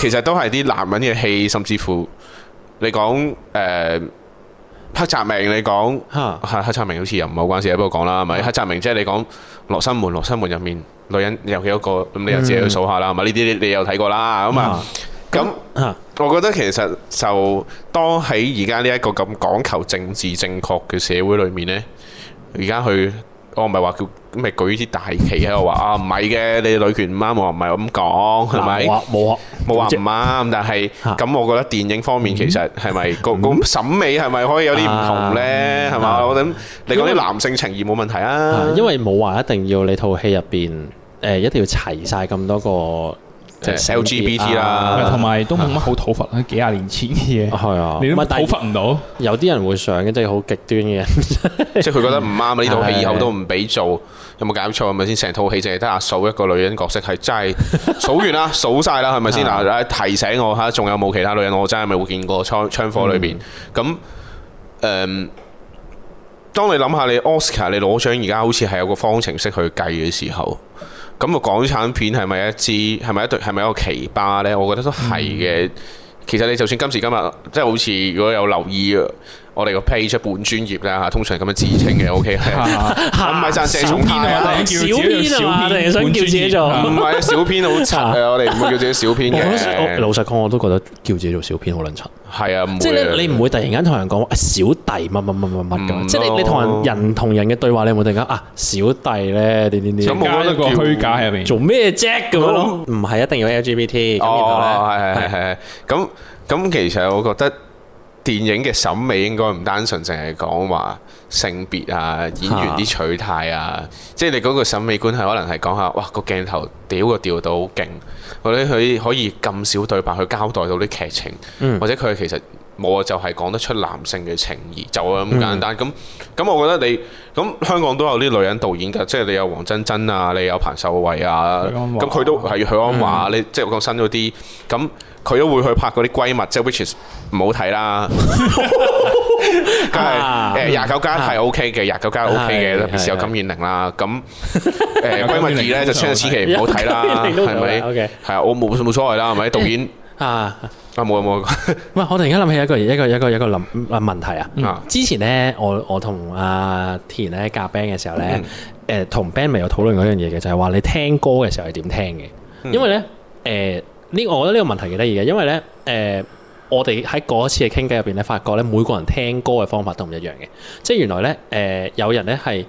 其實都係啲男人嘅戲，甚至乎你講誒。黑澤明你講嚇哈、啊，黑澤、啊、不黑澤明好似又唔係好關事，不過講啦，係咪黑澤明即係你講《羅生門》、羅生門，《羅生門》入面女人有幾多個，咁、嗯、你又自己去數下啦，係咪呢啲你有睇過啦？咁啊，咁我覺得其實就當喺而家呢一個咁講求政治正確嘅社會裏面呢，而家去。我唔係話叫，咪舉啲大旗喺度話啊？唔係嘅，你女權唔啱，我唔係咁講，係咪？ 冇啊，冇啊，冇話唔啱。但係咁，我覺得電影方面其實係咪、嗯、個,個審美係咪可以有啲唔同呢？係嘛、啊？我、嗯、諗、嗯、你講啲男性情義冇問題啊。啊因為冇話一定要你套戲入邊誒，一定要齊晒咁多個。即係 LGBT 啦，同埋都冇乜好討伐啦，幾廿年前嘅嘢，你都討伐唔到。有啲人會上嘅，即係好極端嘅人，即係佢覺得唔啱。呢套戲以後都唔俾做，有冇搞錯啊？係咪先？成套戲淨係得阿嫂一個女人角色，係真係數完啦，數晒啦，係咪先嗱？提醒我吓，仲有冇其他女人？我真係未見過《槍火》裏邊。咁誒，當你諗下你 Oscar，你攞獎而家好似係有個方程式去計嘅時候。咁個港產片係咪一支？係咪一對？係咪一個奇葩呢？我覺得都係嘅。嗯、其實你就算今時今日，即係好似如果有留意。我哋個 page 本專業啦嚇，通常咁樣自稱嘅，O K，唔係賺寫小編啊，小編啊，本專業唔係啊，小編好差，係啊，我哋唔會叫自己小編嘅。老實講，我都覺得叫自己做小編好撚差。係啊，即係咧，你唔會突然間同人講小弟乜乜乜乜乜㗎，即係你你同人人同人嘅對話，你冇突然間啊小弟咧啲啲啲，虛假喺入面做咩啫咁咯？唔係一定要 L G B T。哦，係係係係。咁咁，其實我覺得。電影嘅審美應該唔單純淨係講話性別啊，演員啲取態啊，即係你嗰個審美觀係可能係講下，哇，個鏡頭屌個調度好勁，或者佢可以咁少對白去交代到啲劇情，嗯、或者佢其實。我就係講得出男性嘅情義，就咁簡單。咁咁，我覺得你咁香港都有啲女人導演嘅，即係你有黃真真啊，你有彭秀慧啊，咁佢都係許鞍華，你即係講新嗰啲，咁佢都會去拍嗰啲閨蜜，即係 witches 唔好睇啦。梗係誒廿九加一係 OK 嘅，廿九加一 OK 嘅，特別係有金燕玲啦。咁誒閨蜜二咧就千祈唔好睇啦，係咪？係啊，我冇冇所謂啦，係咪導演啊？冇冇喂，啊、 我突然間諗起一個一個一個一個諗啊問題啊！啊之前咧，我我同阿、啊、田咧夾 band 嘅時候咧，誒同 band 未有討論嗰樣嘢嘅，就係、是、話你聽歌嘅時候係點聽嘅？因為咧，誒、呃、呢，我覺得呢個問題幾得意嘅，因為咧，誒、呃、我哋喺嗰次嘅傾偈入邊咧，發覺咧每個人聽歌嘅方法都唔一樣嘅，即係原來咧，誒、呃、有人咧係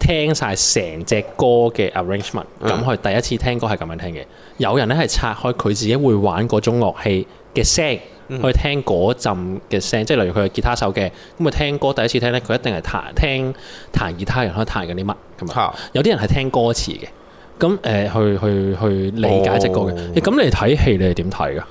聽晒成隻歌嘅 arrangement，咁佢、嗯、第一次聽歌係咁樣聽嘅；有人咧係拆開佢自己會玩嗰種樂器。嘅聲、嗯、去聽嗰陣嘅聲，即係例如佢係吉他手嘅，咁啊聽歌第一次聽咧，佢一定係彈聽彈吉他嘅人可以彈緊啲乜咁？啊、有啲人係聽歌詞嘅，咁誒、呃、去去去理解即個嘅。咁、哦啊、你睇戲，你係點睇㗎？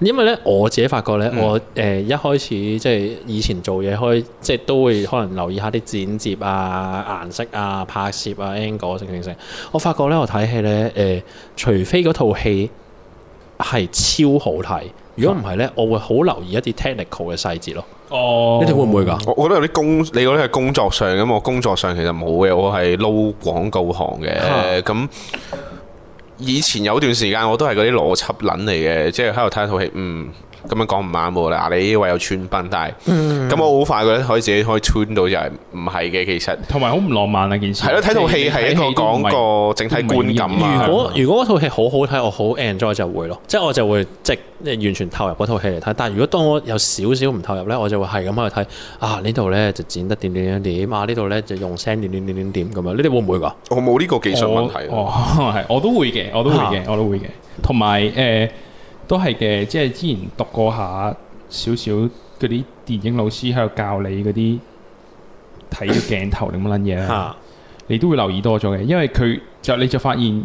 因為咧，我自己發覺咧，嗯、我誒、呃、一開始即係以前做嘢，開即係都會可能留意下啲剪接啊、顏色啊、拍攝啊、angle 等等，我發覺咧，我睇戲咧，誒、呃，除非嗰套戲係超好睇。如果唔係呢，我會好留意一啲 technical 嘅細節咯。哦、oh，你哋會唔會㗎？我覺得有啲工，你啲係工作上咁，我工作上其實冇嘅，我係撈廣告行嘅。咁、uh huh. 以前有段時間我都係嗰啲邏輯撚嚟嘅，即係喺度睇一套戲，嗯。咁樣講唔啱喎。嗱，你以為有穿崩，但係咁、嗯、我好快覺得可以自己可以穿到就係唔係嘅其實。同埋好唔浪漫啊件事。係咯的，睇套戲係一個講個整體觀感啊。如果如果嗰套戲好好睇，我好 enjoy 就會咯，即係我就會即係完全投入嗰套戲嚟睇。但係如果當我有少少唔投入咧，我就會係咁去睇啊，呢度咧就剪得點點點點，啊呢度咧就用聲點點點點點咁樣。你哋會唔會噶？我冇呢個技術問題。哦， 係我都會嘅，我都會嘅，啊、我都會嘅。同埋誒。呃都係嘅，即係之前讀過下少少嗰啲電影老師喺度教你嗰啲睇嘅鏡頭定乜撚嘢啦， 你都會留意多咗嘅。因為佢就你就發現，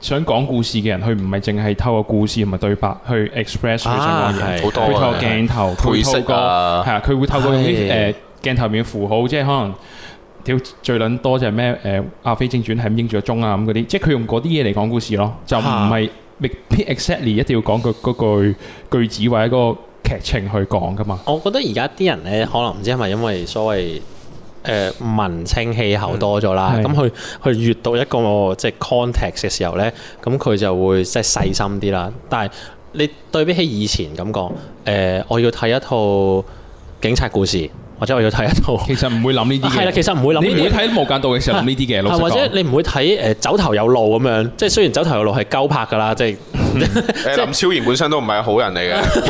想講故事嘅人，佢唔係淨係透過故事同埋對白去 express 佢想講嘢，啊，佢透過鏡頭、配色、啊個，係啊，佢會透過用啲誒鏡頭面嘅符號，即係可能屌最撚多就係咩誒《阿、呃、飛正傳》係唔影住個鐘啊咁嗰啲，即係佢用嗰啲嘢嚟講故事咯，就唔係。 exactly 一定要講、嗰個、句句句子或者嗰個劇情去講㗎嘛？我覺得而家啲人咧，可能唔知係咪因為所謂誒、呃、文青氣候多咗啦，咁佢去閱讀一個即係 context 嘅時候咧，咁佢就會即係細心啲啦。但係你對比起以前咁講，誒、呃，我要睇一套警察故事。或者我要睇一套，其實唔會諗呢啲嘢。係啦對，其實唔會諗你。會你唔會睇《無間道》嘅時候諗呢啲嘅，啊、實或者你唔會睇誒、呃《走投有路》咁樣，即係雖然《走投有路》係鳩拍噶啦，即係。林超賢本身都唔係好人嚟嘅，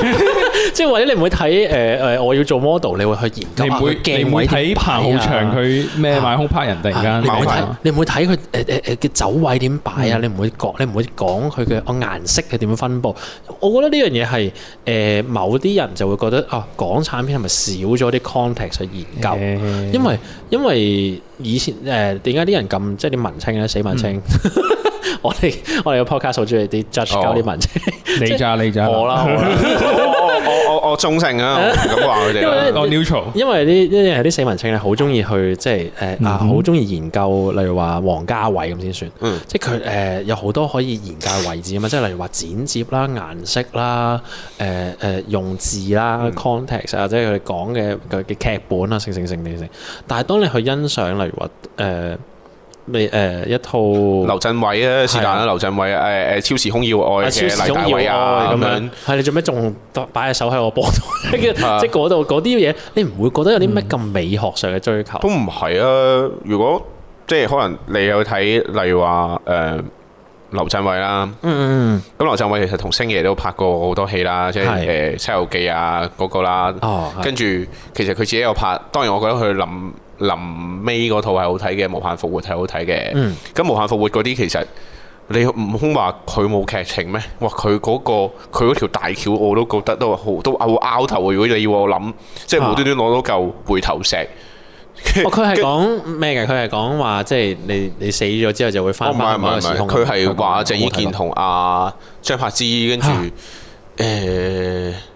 即係或者你唔會睇誒誒，我要做 model，你會去研究，你唔會你唔會睇彭浩翔，佢咩買空拍人哋間，你唔會睇，你唔會睇佢誒誒誒嘅走位點擺啊，你唔會講，你唔會講佢嘅個顏色佢點樣分布。我覺得呢樣嘢係誒某啲人就會覺得啊，港產片係咪少咗啲 context 去研究？因為因為以前誒點解啲人咁即係啲文青咧，死文青，我哋我哋嘅 podcast 好中意啲 judge 教啲文青，oh, 就是、你咋、就是？你咋？我啦，我我我我忠誠啊，咁話佢哋，因為呢因為啲因為啲死文青咧，好中意去即係誒啊，好中意研究，例如話王家衛咁先算，mm. 即係佢誒有好多可以研究位置啊嘛，即、呃、係、呃、例如話剪接啦、顏色啦、誒、呃、誒用字啦、mm. context 或者佢哋講嘅嘅嘅劇本啊，成成成成成，但係當你去欣賞，例如話誒。呃呃呃你、欸、一套劉鎮偉啊，是但啦，劉鎮偉誒誒、欸、超時空要愛嘅黎大偉啊，咁樣係你做咩仲擺隻手喺我膊度？即係嗰度嗰啲嘢，你唔、嗯、 會覺得有啲咩咁美學上嘅追求？嗯、都唔係啊！如果即係可能你有睇，例如話誒、呃、劉鎮偉啦，嗯嗯咁劉鎮偉其實同星爺都拍過好多戲啦，即係誒《西遊的記啊》啊、那、嗰個啦，哦、嗯，嗯、跟住其實佢自己有拍，當然我覺得佢諗。臨尾嗰套係好睇嘅，無限復活係好睇嘅。咁、嗯、無限復活嗰啲其實你唔好話佢冇劇情咩？哇！佢嗰、嗰個佢嗰條大橋我都覺得都好都拗拗頭、啊、如果你要我諗，即係無端端攞到嚿回頭石。佢係講咩嘅？佢係講話即係你你死咗之後就會返唔係唔係唔係，佢係話鄭伊健同阿張柏芝跟住誒。啊啊啊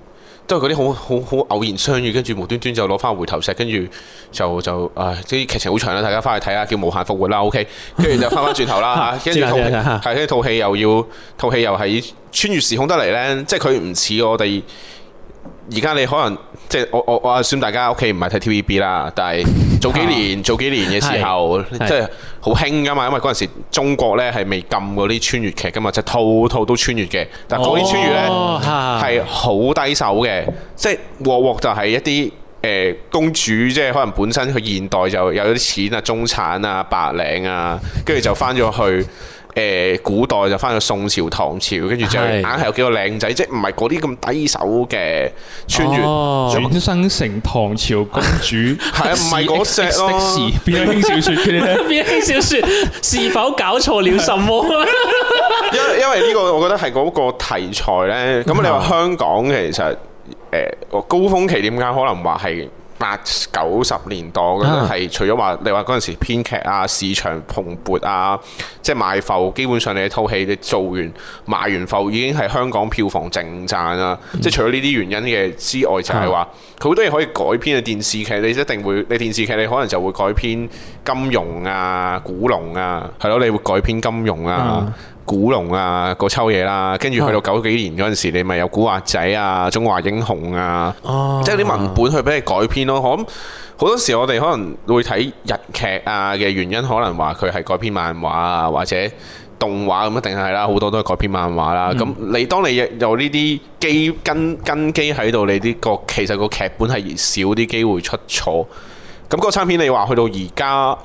都係嗰啲好好好偶然相遇，跟住無端端就攞翻回頭石，跟住就就唉即劇情好長啦，大家翻去睇下，叫無限復活啦，OK，跟住就翻翻轉頭啦嚇，跟住套係，係套 戲又要套戲又係穿越時空得嚟呢，即係佢唔似我哋。而家你可能即係我我我算大家屋企唔係睇 TVB 啦，但係早幾年早 幾年嘅時候， 是即係好興㗎嘛，因為嗰陣時中國咧係未禁嗰啲穿越劇㗎嘛，就套套都穿越嘅，但係嗰啲穿越咧係好低手嘅，即係喎喎就係一啲誒、呃、公主，即係可能本身佢現代就有啲錢啊、中產啊、白領啊，跟住就翻咗去。 誒古代就翻去宋朝、唐朝，跟住就硬係有幾個靚仔，即係唔係嗰啲咁低手嘅穿越，轉生成唐朝公主，係啊，唔係我識咯，B A 小説俾你聽小説是否搞錯了什麼？因因為呢個我覺得係嗰個題材呢。咁你話香港其實誒高峰期點解可能話係？八九十年代咁係，uh huh. 除咗話你話嗰陣時編劇啊、市場蓬勃啊，即係賣埠，基本上你一套戲你做完賣完埠已經係香港票房淨賺啊。即係、mm hmm. 除咗呢啲原因嘅之外，就係話佢好多嘢可以改編嘅電視劇，你一定會，你電視劇你可能就會改編金庸啊、古龍啊，係咯，你會改編金庸啊。Uh huh. 古龍啊，個抽嘢啦，跟住去到九幾年嗰陣時，啊、你咪有古惑仔啊、中華英雄啊，啊即係啲文本去俾你改編咯、啊。咁好、啊、多時我哋可能會睇日劇啊嘅原因，可能話佢係改編漫畫啊或者動畫咁一定係啦，好多都係改編漫畫啦。咁、嗯、你當你有呢啲基根根基喺度，你啲、這個其實個劇本係少啲機會出錯。咁嗰個參片，你話去到而家？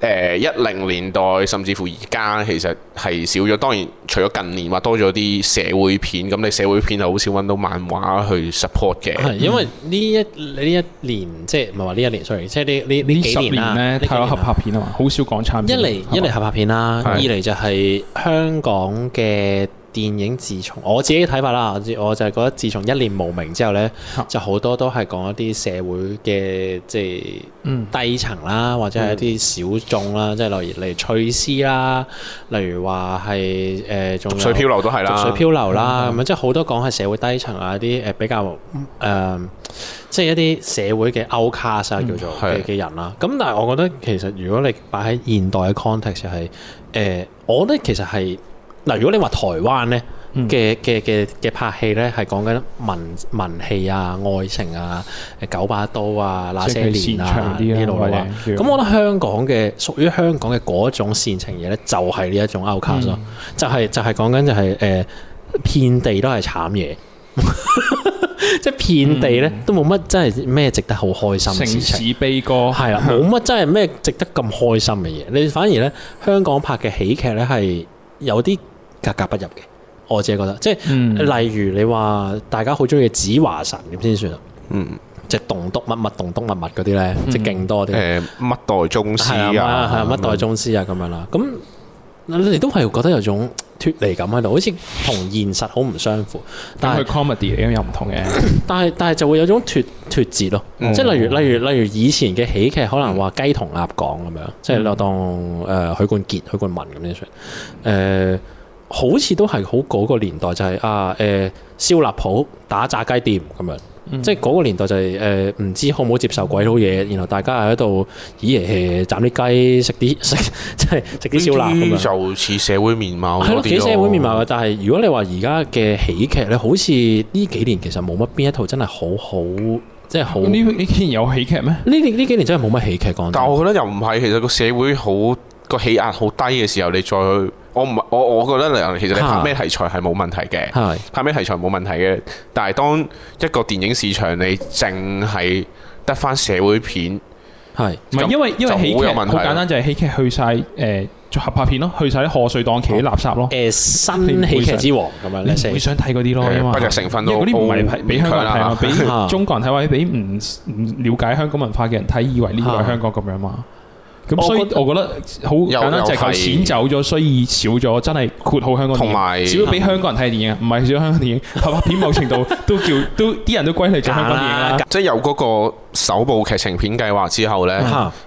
誒一零年代，甚至乎而家其實係少咗，當然除咗近年話多咗啲社會片，咁你社會片就好少搵到漫畫去 support 嘅。係，因為呢一呢、嗯、一，一年即係唔係話呢一年，sorry，即係呢呢呢十年咧，太多合拍片啊嘛，好少講差。一嚟來吧一嚟合拍片啦，的二嚟就係香港嘅。電影自從我自己嘅睇法啦，我就係覺得自從一念無名之後咧，啊、就好多都係講一啲社會嘅即係低層啦，嗯、或者係一啲小眾啦，即係例如嚟翠絲啦，例如話係誒濁水漂流都係啦，水漂流啦咁樣，即係好多講係社會低層啊啲誒比較誒、呃，即係一啲社會嘅 outcast 叫做嘅人啦。咁、嗯、但係我覺得其實如果你擺喺現代嘅 context 係、呃、誒，我覺得其實係。嗱，如果你話台灣咧嘅嘅嘅嘅拍戲咧，係講緊文文戲啊、愛情啊、九把刀啊、那些年啊呢啲嘅話，咁我，我覺得香港嘅屬於香港嘅嗰種煽情嘢咧、嗯就係，就係呢一種 outcast 咯，就係就係講緊就係誒遍地都係慘嘢， 即係遍地咧、嗯、都冇乜真係咩值得好開心事情，悲歌係啦，冇乜嗎嗎真係咩值得咁開心嘅嘢。你反而咧香港拍嘅喜劇咧係有啲。 嗯格格不入嘅，我自己覺得，即係例如你話大家好中意子華神咁先算啦，嗯，即係棟篤乜乜棟篤乜乜嗰啲咧，即係勁多啲，誒乜代宗師啊，係啊，乜代宗師啊咁樣啦，咁你都係覺得有種脱離感喺度，好似同現實好唔相符，但係佢 comedy 咁又唔同嘅，但係但係就會有種脱脱節咯，即係例如例如例如以前嘅喜劇可能話雞同鴨講咁樣，即係攞當誒許冠傑、許冠文咁樣算，誒。好似都係好嗰個年代，就係啊誒，燒臘鋪打炸雞店咁樣，即係嗰個年代就係、是、誒，唔知好唔好接受鬼佬嘢，然後大家係喺度，咦耶，斬啲雞食啲食，即係食啲燒臘咁啊。就似社會面貌了，係咯，幾社會面貌。但係如果你話而家嘅喜劇咧，好似呢幾年其實冇乜邊一套真係好好，即係好。呢呢幾年有喜劇咩？呢呢幾年真係冇乜喜劇講。但我覺得又唔係，其實個社會好，個氣壓好低嘅時候，你再去。我唔我我覺得其實你拍咩題材係冇問題嘅，拍咩題材冇問題嘅。但係當一個電影市場你淨係得翻社會片，係唔係因為因為喜劇好簡單，就係喜劇去晒誒合拍片咯，去晒啲賀歲檔期啲垃圾咯。新喜劇之王咁樣，你想睇嗰啲咯？因為成分嗰啲唔係俾香港人睇，俾中國人睇或者俾唔唔瞭解香港文化嘅人睇，以為呢個係香港咁樣嘛。咁所以我覺得好簡單，就係佢錢走咗，所以少咗，真係括好香港，同埋主要俾香港人睇電影，唔係少香港電影，片某程度都叫都啲人都歸類咗香港電影啦。即係有嗰個首部劇情片計劃之後咧，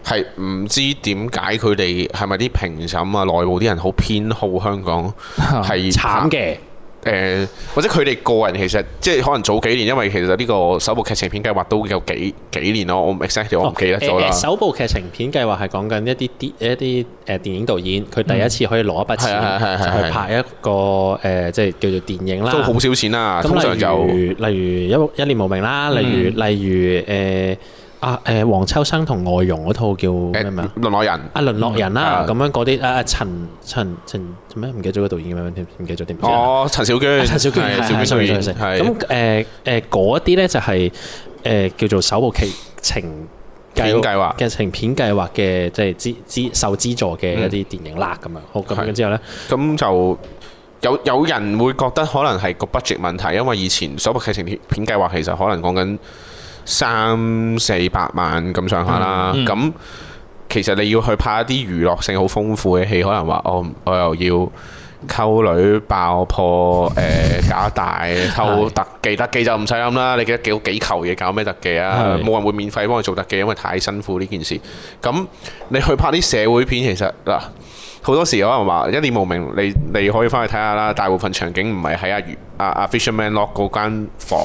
係唔、嗯、知點解佢哋係咪啲評審啊內部啲人好偏好香港係、嗯、怕慘嘅。誒、呃，或者佢哋個人其實即係可能早幾年，因為其實呢個首部劇情片計劃都有幾幾年咯。我 exactly，我唔記得咗啦、okay。呃呃。首部劇情片計劃係講緊一啲啲一啲誒、呃、電影導演，佢第一次可以攞一筆錢、嗯、去拍一個誒，即、呃、係叫做電影啦。都好少錢啦，通常就例如，例如一一念無名啦，例如、嗯、例如誒。呃啊！誒，黃秋生同外傭嗰套叫咩名？《淪落人》啊，《淪落人》啦，咁樣嗰啲啊，陳陳陳做咩？唔記得咗個導演叫咩添？唔記得咗點？哦，陳小娟，陳小娟，小娟導演。咁誒誒，嗰啲咧就係誒叫做首部劇情計劃、劇情片計劃嘅，即係資資受資助嘅一啲電影啦。咁樣好，咁樣之後咧，咁就有有人會覺得可能係個 budget 問題，因為以前首部劇情片計劃其實可能講緊三四百萬咁上下啦，咁、嗯嗯、其實你要去拍一啲娛樂性好豐富嘅戲，可能話我我又要溝女爆破、呃、搞大偷特技， 是特技就唔使諗啦，你記得幾幾球嘢搞咩特技啊？冇是人會免費幫你做特技，因為太辛苦呢件事。咁你去拍啲社會片，其實嗱。好多時可能話一念無明，你你可以翻去睇下啦。大部分場景唔係喺阿阿阿 Fisherman Lock 嗰間房，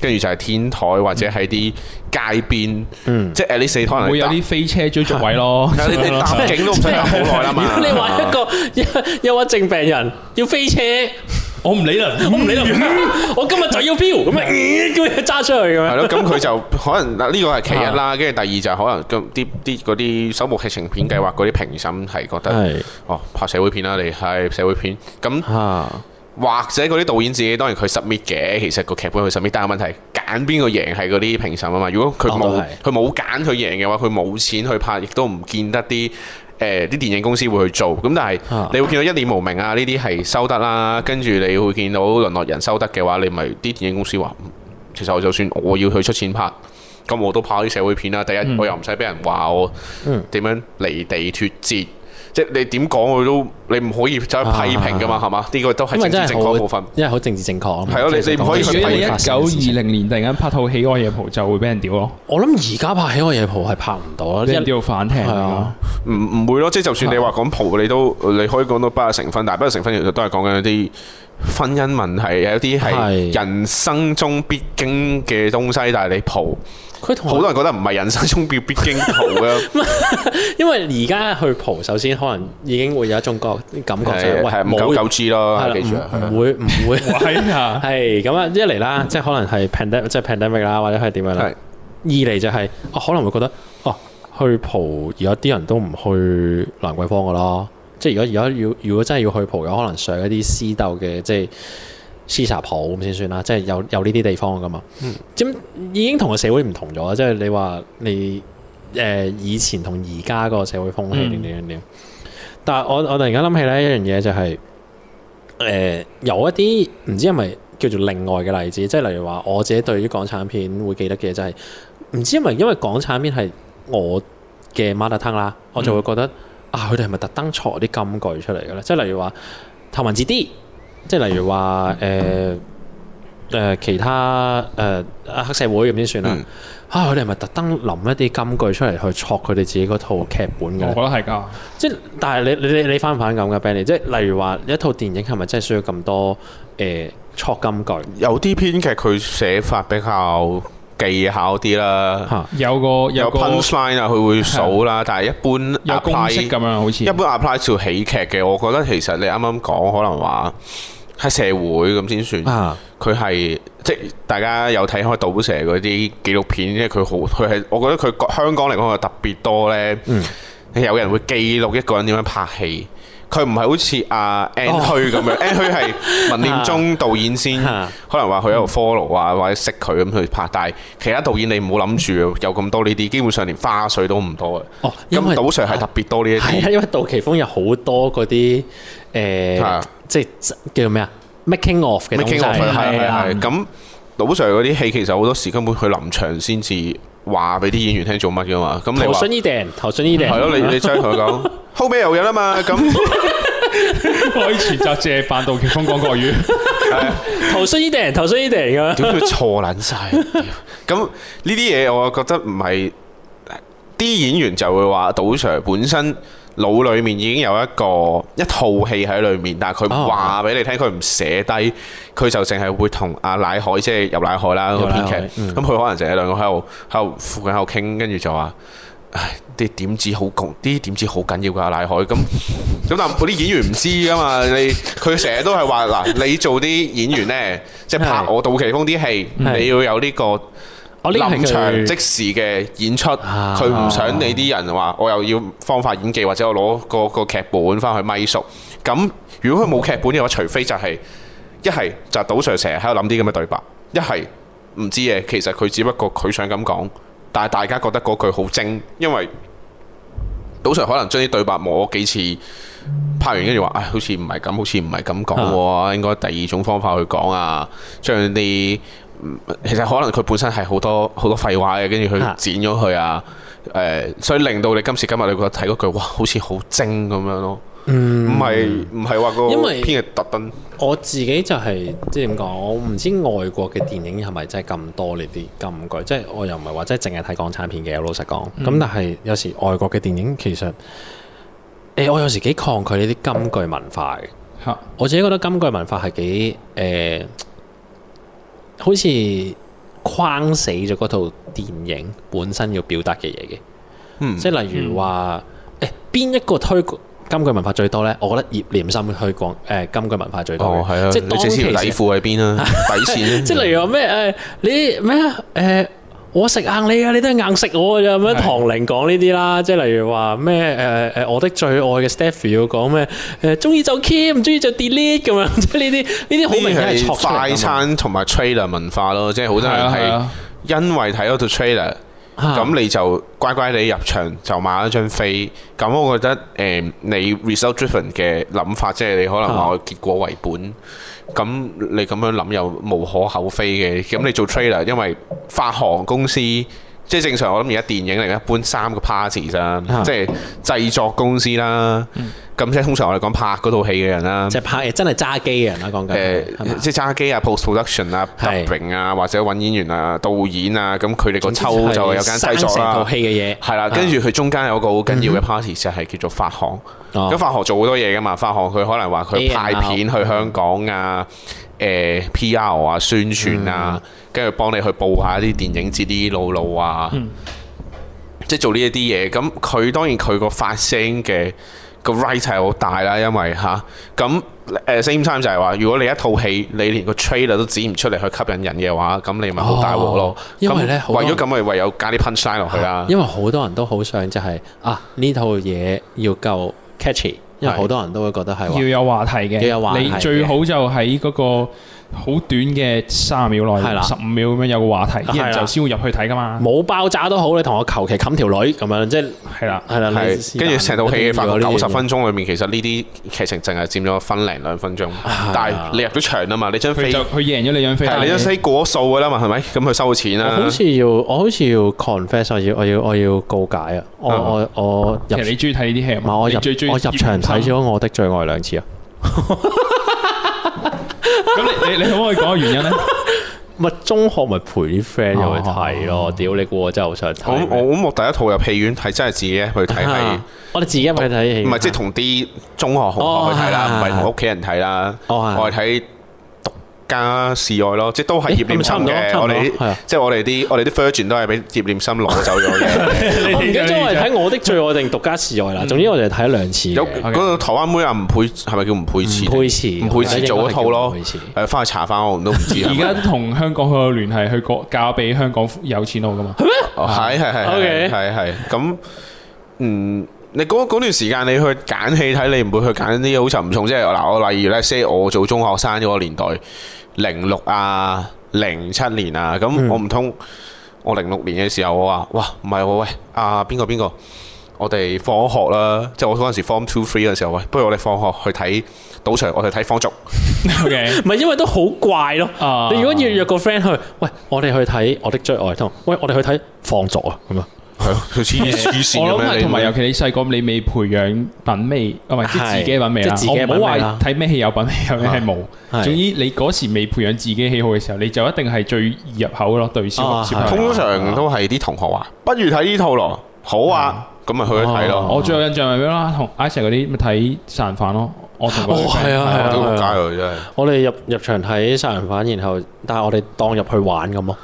跟住就係天台或者喺啲街邊，嗯、即係呢四可能會有啲飛車追逐位唉咯。咯咯你你搭景都唔使搭好耐啦嘛。如果你話一個憂鬱症病人要飛車。我唔理啦，我唔理啦，嗯、我今日就要飆，咁咪叫佢揸出去咁樣。係咯，咁佢就 可能嗱呢個係其一啦，跟住第二就可能咁啲啲嗰啲首部劇情片計劃嗰啲評審係覺得是哦拍社會片啦、啊，你係社會片咁，啊、或者嗰啲導演自己當然佢 submit 嘅，其實個劇本去 submit，但係問題揀邊個贏係嗰啲評審啊嘛，如果佢冇佢冇揀佢贏嘅話，佢冇錢去拍，亦都唔見得啲。誒啲、欸、電影公司會去做，咁但係你會見到一念無明啊，呢啲係收得啦，跟住你會見到《淪落人》收得嘅話，你咪啲電影公司話，其實我就算我要去出錢拍，咁我都拍啲社會片啦。第一、嗯、我又唔使俾人話我點樣離地脫節。即係你點講，佢都你唔可以真係批評噶嘛，係嘛？呢個都係政治正確部分，因為好政治正確。係咯，你你唔可以去批評，所以一九二零年突然間拍套《喜愛夜蒲》，就會俾人屌咯。我諗而家拍《喜愛夜蒲》係拍唔到呢，俾人屌反聽咯。唔唔會咯，即係就算你話講蒲，你都你可以講到不日成婚，但係不日成婚其實都係講緊啲婚姻問題，有啲係人生中必經嘅東西，但係你蒲。佢同好多人覺得唔係人生中必必經途咯，因為而家去蒲，首先可能已經會有一種覺感覺就係、是、的喂唔知資咯，的記住唔不的會唔會係咁啊！一嚟啦，即係可能係即係 pandemic 啦，或者係點樣啦。二嚟就係可能會覺得哦、啊，去蒲而家啲人都唔去蘭桂坊噶啦，即係如果而家要如果真係要去蒲，有可能上一啲私鬥嘅即係。施捨好咁先算啦，即係有有呢啲地方嘅嘛。咁、嗯、已經同個社會唔同咗，即係你話你誒、呃、以前同而家個社會風氣點點樣點？嗯、但係我我突然間諗起呢一樣嘢、就是，就係誒有一啲唔知係咪叫做另外嘅例子，即係例如話我自己對於港產片會記得嘅就係、是、唔知係咪因為港產片係我嘅 mother tongue 啦，我就會覺得、嗯、啊佢哋係咪特登錯啲金句出嚟嘅咧？即係例如話頭文字 D。即係例如話誒誒其他誒、呃、黑社會咁先算啦，啊佢哋係咪特登諗一啲金句出嚟去戳佢哋自己嗰套劇本嘅？我覺得係㗎，即係但係你你你你反唔反咁㗎 Benny，即係例如話一套電影係咪真係需要咁多誒戳、呃、金句？有啲編劇佢寫法比較技巧啲啦有，有個有 punchline 啊，佢會數啦，的但係一般 apply 咁樣好似，一般 apply 做喜劇嘅，我覺得其實你啱啱講可能話喺社會咁先算，佢係的即係大家有睇開賭社嗰啲紀錄片，即係佢好佢係，我覺得佢香港嚟講係特別多呢，嗯、有人會記錄一個人點樣拍戲。佢唔係好似阿 Anh 去咁樣，Anh 去係文念中導演先，可能話去一個 follow 啊，或者識佢咁去拍。但係其他導演你唔好諗住有咁多呢啲，基本上連花絮都唔多嘅。哦，因為杜 Sir 係特別多呢啲。係啊，因為杜琪峰有好多嗰啲誒，即係叫做咩啊，making of 嘅東西係啊。咁杜 Sir 嗰啲戲其實好多時根本去臨場先至。話俾啲演員聽做乜嘅嘛，咁你話？頭信呢段，頭信呢段係咯，你你將佢講後尾有人啊嘛，咁可以全集借扮杜琪峰講國語。頭信呢段，頭信呢段咁，點會錯撚晒？咁呢啲嘢，我覺得唔係啲演員就會話杜 Sir 本身。腦裡面已經有一個一套戲喺裡面，但係佢唔話俾你聽，佢唔、哦、寫低，佢就淨係會同阿乃海即係、就是、入乃海啦個編劇，咁佢可能成日兩個喺度喺度附近喺度傾，跟住就話，唉啲點子好窮，啲點子好緊要㗎，乃海，咁咁但係啲演員唔知㗎嘛，你佢成日都係話嗱， 你做啲演員呢，即係拍我杜琪峰啲戲，你要有呢、這個。 臨場、哦、即時嘅演出，佢唔、啊、想你啲人話我又要方法演技，或者我攞個個劇本返去咪熟。咁如果佢冇劇本嘅話，嗯、除非就係一係就杜 Sir 成日喺度諗啲咁嘅對白，一係唔知嘅。其實佢只不過佢想咁講，但係大家覺得嗰句好精，因為杜 Sir 可能將啲對白磨幾次，拍完跟住話，唉、哎，好似唔係咁，好似唔係咁講喎，嗯、應該第二種方法去講啊，將、就、啲、是。其實可能佢本身係好多好多廢話嘅，跟住佢剪咗佢啊，誒、呃，所以令到你今時今日你覺得睇嗰句，哇、嗯，好似好精咁樣咯。唔係唔係話個片係特登。因為我自己就係即係點講，我唔知外國嘅電影係咪真係咁多呢啲金句，即係我又唔係話即係淨係睇港產片嘅。老實講，咁、嗯、但係有時外國嘅電影其實，誒、呃，我有時幾抗拒呢啲金句文化嘅。吓哈，我自己覺得金句文化係幾誒。呃好似框死咗嗰套電影本身要表達嘅嘢嘅，嗯、即係例如話，誒邊、嗯欸、一個推金句文化最多咧？我覺得葉念心去講誒金句文化最多。哦，係啊，即係當時底褲喺邊啊？ 底線。 即係例如話咩誒，你咩誒？我食硬你啊！你都係硬食我嘅啫。咁唐玲講呢啲啦，即係 例如話咩？誒、呃、誒、呃呃呃，我的最愛嘅 Stephie 要講咩？誒、呃，中意就 keep，唔中意就 delete 咁樣。即係呢啲呢啲好明顯係快餐同埋 trailer 文化咯。即係好多人係因為睇嗰套 trailer，咁你就乖乖哋入場就買咗張飛。咁是的 我覺得誒、呃，你 result-driven 嘅諗法，即係你可能話我結果為本。咁你咁樣諗又無可厚非嘅，咁你做 trailer，因為發行公司即係、就是、正常，我諗而家電影嚟嘅一般三個 part 啫，即係、啊、製作公司啦。嗯。咁即係通常我哋講拍嗰套戲嘅人啦，即係拍嘢真係揸機嘅人啦、啊，講緊、呃。誒吧，即係揸機啊，post production 啊 dubbing 是啊，或者揾演員啊、導演啊，咁佢哋個抽就有間製作啦、啊。成套戲嘅嘢係啦，跟住佢中間有個好緊要嘅 party 就係叫做發行。咁發行做好多嘢噶嘛，發行佢可能話佢派片去香港啊，誒、呃、PR 啊宣傳啊，跟住、嗯、幫你去報一下啲電影節啲路路啊，嗯、即係做呢一啲嘢。咁佢當然佢個發聲嘅。個 risk 係好大啦，因為吓。咁、啊、誒。Same time 就係話，如果你一套戲你連個 trailer 都剪唔出嚟去吸引人嘅話，咁你咪好大鑊咯、哦。因為咧，為咗咁咪唯有加啲 punchline 落去啦、啊。因為好多人都好想就係、是、啊呢套嘢要夠 catchy，因為好多人都會覺得係要有話題嘅。話題你最好就喺嗰、那個。好短嘅三十秒內，十五秒咁樣有個話題，然後就先會入去睇㗎嘛。冇爆炸都好，你同我求其冚條女咁樣，即係啦，係啦，係。跟住成套戲嘅發到九十分鐘裏面，其實呢啲劇情淨係佔咗分零兩分鐘。但係你入咗場啊嘛，你張飛佢贏咗你張飛。係你咗飛過數㗎啦嘛，係咪？咁佢收錢啦。好似要我好似要 confess，我要我要我要告解啊！我我我其實你最中意睇呢啲戲啊嘛！我我入場睇咗我的最愛兩次啊！咁 你你你可唔可以講個原因咧？咪 中學咪陪啲 friend 入去睇咯，屌、哦、 你估我真係好想睇！我我我第一套入戲院睇，真係自己去睇，係我哋自己去睇戲。唔係即係同啲、啊就是、中學、啊、同學去睇啦，唔係同屋企人睇啦，啊、我係睇。加示愛咯，即係都係葉念琛嘅。我哋即係我哋啲我哋啲 First 轉都係俾葉念琛攞走咗嘅。我唔記得咗係睇我的最愛定獨家示愛啦。總之我哋睇咗兩次。有嗰個台灣妹啊，吳佩係咪叫吳佩慈？吳佩慈，吳佩慈做一套咯。係翻去查翻，我唔都唔知。而家同香港好有聯繫，去過嫁俾香港有錢佬噶嘛？係咩？係係係。O K。係係咁嗯。你嗰段時間你，你去揀戲睇，你唔會去揀啲好沉重。即係嗱，我例如咧，say 我做中學生嗰個年代，零六啊、零七年啊，咁、嗯、我唔通我零六年嘅時候我，我話哇，唔係喎，喂，啊，邊個邊個，我哋放學啦，即係我嗰陣時 form two three 嘅時候，喂，不如我哋放學去睇賭場，我哋睇放逐。OK，唔係 因為都好怪咯。Uh, 你如果要約個 friend 去，喂，我哋去睇我的最愛同，喂，我哋去睇放逐啊，咁啊。我諗係同埋，尤其你細個，你未培養品味，唔係即自己品味啦。我冇話睇咩戲有品味，有咩係冇。係，總之你嗰時未培養自己喜好嘅時候，你就一定係最易入口咯。對，小通常都係啲同學話，不如睇呢套咯。好啊，咁咪去一睇咯。我最有印象係咩啦？同 i c 嗰啲咪睇殺人犯咯。我同我係啊係啊係啊！我哋入入場睇殺人犯，然後但係我哋當入去玩咁咯。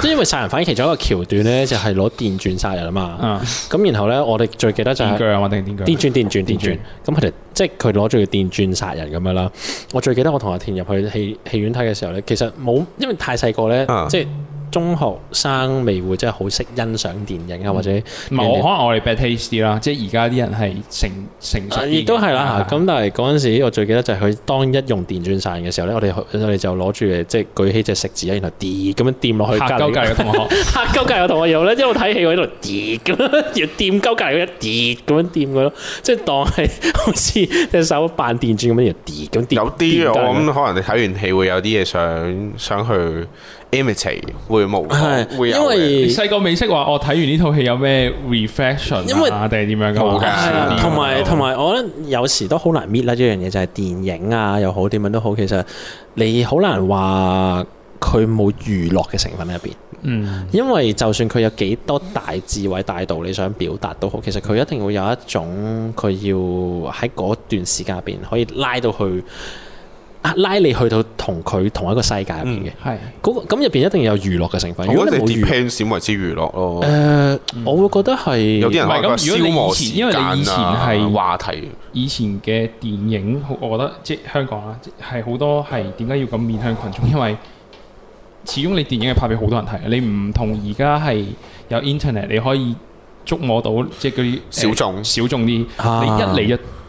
即係因為殺人，反而其中一個橋段咧，就係攞電鑽殺人嘛。咁、啊、然後咧，我哋最記得就係電鋸啊嘛，定電鋸。電鑽咁佢哋即係佢攞住個電鑽殺人咁樣啦。我最記得我同阿田入去戲戲院睇嘅時候咧，其實冇，因為太細個咧，即係。中學生未會真係好識欣賞電影啊，或者唔、嗯、可能我哋 bad taste 啲啦，即係而家啲人係成、嗯、成熟點點。亦都係啦，咁、啊、但係嗰陣時我最記得就係佢當一用電鑽散嘅時候咧，我哋我哋就攞住即係舉起隻食指啊，然後跌咁樣掂落去。黑膠界嘅同學，黑膠界嘅同學又咧，因為睇戲我喺度跌咁樣，要跌膠隔籬一跌咁樣掂佢咯，即係當係好似隻手扮電鑽咁樣又跌咁跌。有啲我咁可能你睇完戲會有啲嘢想想，想去。會冇因為細個未識話。我睇完呢套戲有咩 reflection 啊？定係為為點樣咁嘅？同埋同埋，我覺得有時都好難 match 啦。呢樣嘢就係、是、電影啊，又好點樣都好，其實你好難話佢冇娛樂嘅成分喺入邊。嗯，因為就算佢有幾多大智慧、大道理想表達都好，其實佢一定會有一種佢要喺嗰段時間入邊可以拉到去。拉你去到同佢同一個世界入邊嘅，係嗰咁入邊一定有娛樂嘅成分。如果你冇娛樂，只為之娛樂咯。誒，我會覺得係有啲人話個消磨時間，因為你以前啊話題。以前嘅電影，我覺得即係香港啦，係好多係點解要咁面向群眾？因為始終你電影係拍俾好多人睇你唔同而家係有 Internet，你可以觸摸到即係嗰啲小眾、呃、小眾啲。你一嚟一。啊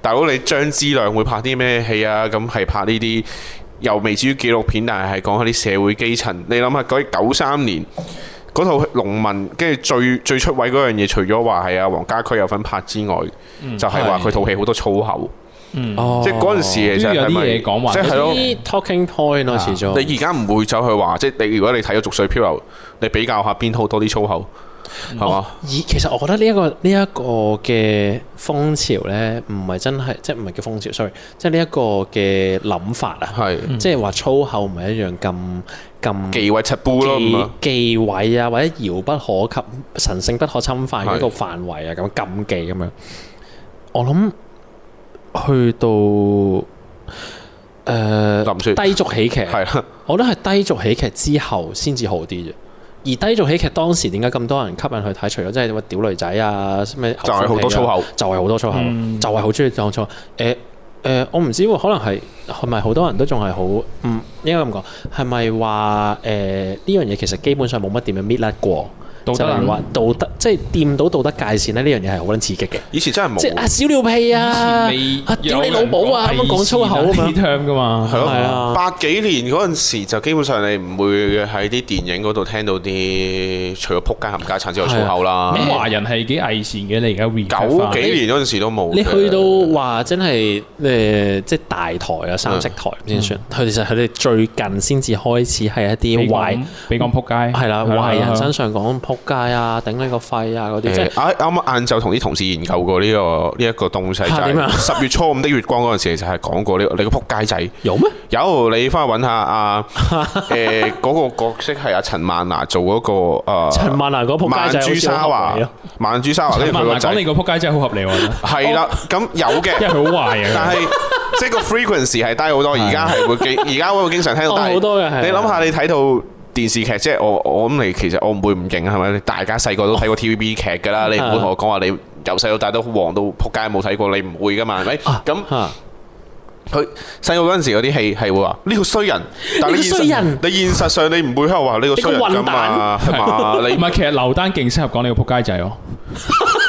大佬，你張之亮會拍啲咩戲啊？咁係拍呢啲又未至於紀錄片，但係係講下啲社會基層。你諗下九三年嗰套籠民，跟住最最出位嗰樣嘢，除咗話係阿黃家駒有份拍之外，嗯、就係話佢套戲好多粗口。嗯，即係嗰陣時嘅就係咁啊。即係啲 talking point 咯，始終。你而家唔會走去話，即係你如果你睇咗《濁水漂流》，你比較下邊套多啲粗口。我以、哦、其實我覺得呢、這、一個呢一、這個嘅風潮咧，唔係真係，即係唔係叫風潮，sorry，即係呢一個嘅諗法啊，係即係話粗口唔係一樣咁咁忌諱七步咯嘛，忌諱諱啊或者遙不可及、神聖不可侵犯呢個範圍啊，咁是禁忌咁樣。我諗去到誒、呃、書低俗喜劇係啦，的我覺得係低俗喜劇之後先至好啲嘅。而低俗喜劇當時點解咁多人吸引去睇？除咗即係話屌女仔啊，咩、啊、就係好多粗口，就係好多粗口，嗯、就係好中意當粗口。誒、欸、誒、欸，我唔知喎，可能係係咪好多人都仲係好唔應該咁講？係咪話誒呢樣嘢其實基本上冇乜點樣搣甩過？就係話道德，即係掂到道德界線咧，呢樣嘢係好撚刺激嘅。以前真係冇。即係啊，小尿屁啊，屌你老母啊，咁樣講粗口啊嘛。係咯，八幾年嗰陣時就基本上你唔會喺啲電影嗰度聽到啲，除咗撲街、冚家鏟之外粗口啦。華人係幾偽善嘅，你而家 recall 翻九幾年嗰陣時都冇。你去到話真係誒，即係大台啊，三色台先算。佢其實佢哋最近先至開始係一啲壞，比講撲街，係啦，壞人身上講撲。仆街啊，頂你個肺啊，嗰啲即係啱啱晏晝同啲同事研究過呢個呢一個東西，就係十月初五的月光嗰陣時其實係講過呢，你個仆街仔有咩？有你翻，去搵下阿誒嗰個角色係阿陳曼娜做嗰個誒，陳曼娜嗰仆街仔，曼珠沙華，曼珠沙華呢個仔講你個仆街真係好合理喎，係啦，咁有嘅，因為佢好壞啊，但係即係個 frequency 係低好多，而家係會幾而家會經常聽到低好多嘅，你諗下你睇到。電視劇即係，我我諗你其實我唔會唔認啊，係咪？大家細個都睇過 TVB 劇㗎啦，你唔會同我講話你由細到大都黃到撲街冇睇過，你唔會噶嘛，係咪？咁佢細個嗰陣時嗰啲戲係會話呢個衰人，但係你衰人，你現實上你唔會喺度話呢個衰人㗎嘛，係嘛？唔係，其實劉丹勁適合講你個撲街仔哦。誒，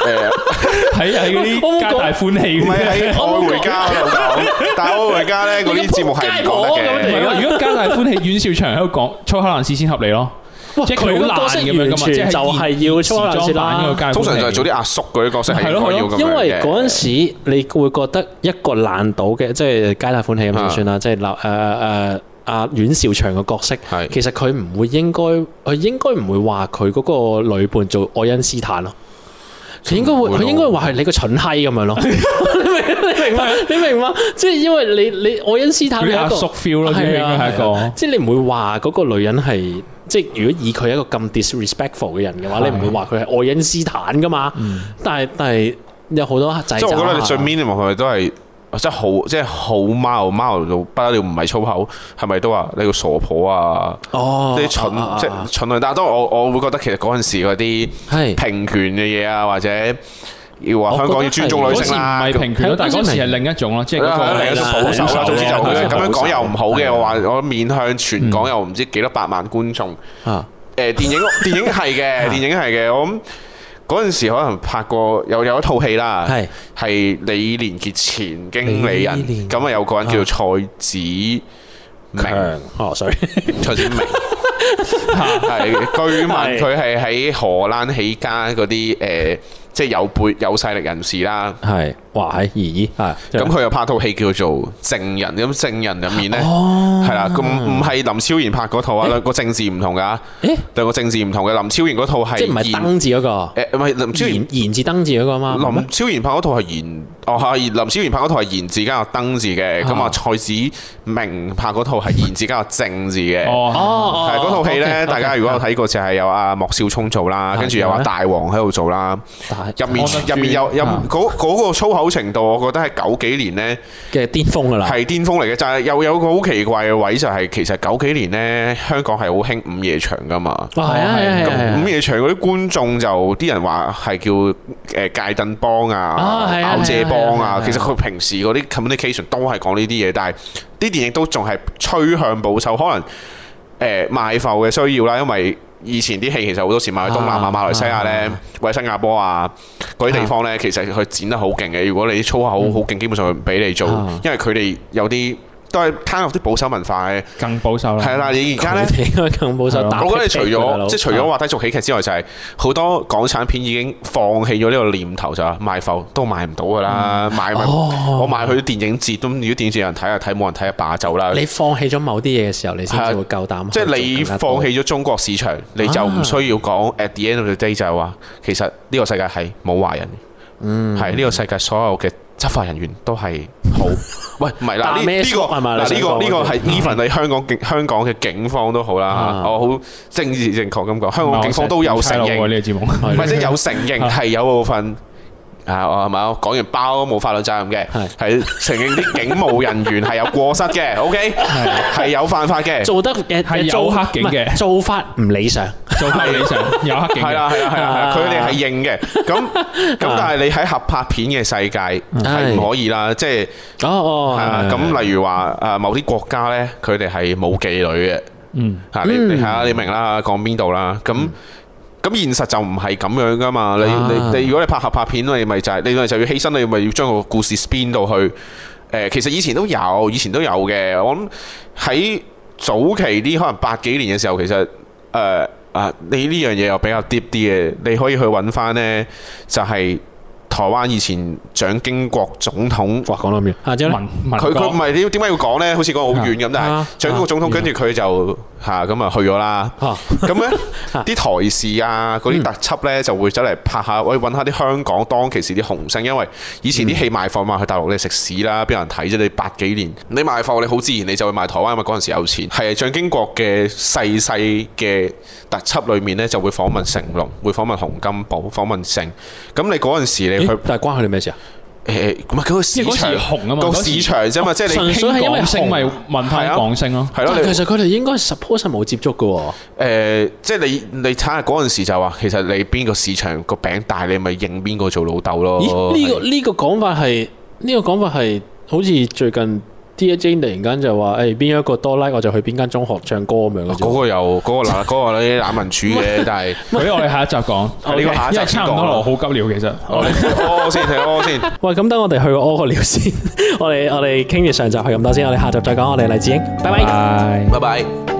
睇下嗰啲《皆大歡喜》嘅，我會回家嗰度講，但係我回家咧嗰啲節目係唔講嘅。唔係話，如果《皆大歡喜》阮兆祥喺度講粗口爛舌先合理咯。哇，即係佢嗰個角色完全就係要粗口爛舌版嘅。通常就係做啲阿叔嗰啲角色係咯，因為嗰陣時你會覺得一個爛到嘅，即係《皆大歡喜》咁就算啦。即係嗱，誒誒阿阮兆祥嘅角色，其實佢唔會應該，佢應該唔會話佢嗰個女伴做愛因斯坦咯。佢應該會，佢應該話係你個蠢閪咁樣咯。你明嗎？你明嗎？即係因為你你愛因斯坦呢個，係啊，即係你唔會話嗰個女人係即係如果以佢一個咁 disrespectful 嘅人嘅話，你唔會話佢係愛因斯坦㗎嘛。但係但係有好多，即係我覺得你最 minimum 係咪都係？即係好，即係好踎踎到不得了，唔係粗口，係咪都話你個傻婆啊？哦，啲蠢，即係蠢女。但係都我我會覺得其實嗰陣時嗰啲係平權嘅嘢啊，或者要話香港要尊重女性啊，唔係平權但係嗰陣時係另一種咯，即係過嚟嘅保守。總之就咁樣講又唔好嘅，我話我面向全港又唔知幾多百萬觀眾啊！誒，電影電影係嘅，電影係嘅我諗。嗰陣時可能拍過又有，有一套戲啦，係是李連杰前經理人，咁啊有個人叫蔡子明，哦 sorry，蔡子明，係 據聞佢係喺荷蘭起家嗰啲誒。呃即係有背有勢力人士啦，係哇喺姨姨，係咁佢又拍套戲叫做《證人》，咁《證人》入面咧係啦，咁唔係林超賢拍嗰套啊，兩個證字唔同噶，誒，兩個證字唔同嘅，林超賢嗰套係即係唔係登字嗰個？誒，唔係林超賢賢字登字嗰個啊嘛。林超賢拍嗰套係言，哦係林超賢拍嗰套係言字加個登字嘅，咁啊蔡子明拍嗰套係言字加個正字嘅。哦哦，係嗰套戲咧，大家如果有睇過就係有阿莫少聰做啦，跟住又有阿大王喺度做啦。入面入面有入嗰個粗口程度，我覺得係九幾年咧嘅巔峯啦，係巔峰嚟嘅。就係又有一個好奇怪嘅位，就係其實九幾年呢，香港係好興午夜場噶嘛。係午夜場嗰啲觀眾就啲人話係叫誒戒燈幫啊、咬借幫啊。其實佢平時嗰啲 communication 都係講呢啲嘢，但係啲電影都仲係趨向保守，可能誒賣埠嘅需要啦，因為。以前啲戲其實好多時賣去東南亞、啊、馬來西亞咧，啊、或者新加坡啊嗰啲、啊、地方咧，其實佢剪得好勁嘅。如果你粗口好勁，嗯、基本上佢唔畀你做，啊、因為佢哋有啲。都係攤入啲保守文化嘅，更保守啦。係啦，而而家咧應該更保守。我覺得除咗即係除咗話低俗喜劇之外，就係好多港產片已經放棄咗呢個念頭，就賣埠都賣唔到㗎喇。賣我賣去啲電影節，咁如果電影節有人睇就睇，冇人睇就罷走啦。你放棄咗某啲嘢嘅時候，你先至會夠膽。即係你放棄咗中國市場，你就唔需要講 at the end of the day 就係話，其實呢個世界係冇華人，係呢個世界所有嘅。執法人員都係好，喂，唔係啦，呢呢個，嗱呢個呢個係 even 你香港警香港嘅警方都好啦，我好政治正確咁講，香港警方都有承認，唔係即係有承認係有部分啊，係咪啊？講完包都冇法律責任嘅，係承認啲警務人員係有過失嘅，OK，係有犯法嘅，做得嘅係做黑警嘅做法唔理想。做理想有黑警，係啦係啦係啦，佢哋係認嘅。咁，咁但係你喺合拍片嘅世界係唔可以啦，即係哦哦，咁例如話誒某啲國家咧，佢哋係冇妓女嘅，嗯吓你吓你明啦，講邊度啦，咁咁現實就唔係咁樣噶嘛，你你你如果你拍合拍片，你咪就係你咪就要犧牲，你咪要將個故事 spin 到去，誒，其實以前都有，以前都有嘅，我諗喺早期啲可能八幾年嘅時候，其實誒。啊！你呢樣嘢又比較 deep 啲嘅，你可以去揾翻咧，就係、是。台灣以前蔣經國總統，哇講到咁遠，佢佢唔係點點解要講呢？好似講好遠咁，但係、啊、蔣經國總統跟住佢就嚇咁啊，啊去咗啦。咁、啊、呢啲、啊、台視啊嗰啲特輯呢，就會走嚟拍下，喂揾、嗯、下啲香港當其時啲紅星，因為以前啲戲賣貨嘛，去大陸你食屎啦，邊有人睇啫？你八幾年你賣貨你好自然，你就會賣台灣，因為嗰陣時有錢。係蔣經國嘅細細嘅特輯裏面呢，就會訪問成龍，會訪問洪金寶，訪問成。咁你嗰陣時你。但係關佢哋咩事啊？誒、欸，唔係佢個市場紅啊嘛，個市場啫嘛，時即係你。純粹係因為恆係、啊、民派講升咯，係咯。其實佢哋應該 suppose 冇接觸噶、啊欸。誒、就是，即係你你睇下嗰陣時就話，其實你邊個市場個餅大，你咪認邊個做老豆咯。呢、這個呢的個講法係呢、這個講法係好似最近。DJ 突然間就話：誒、欸、邊一個多 like 我就去邊間中學唱歌咁、啊、樣嗰、啊那個又嗰、那個嗱嗰、那個啲攬民主嘅， 但係是，嗰我哋下一集講。我呢下一集差唔多我好急尿、嗯、其實，我哋先睇下先。喂，咁等我哋去個屙個料先。 我哋我哋傾完上集，去咁多先。我哋下集再講我哋嘅黎智英，n 拜拜，拜拜。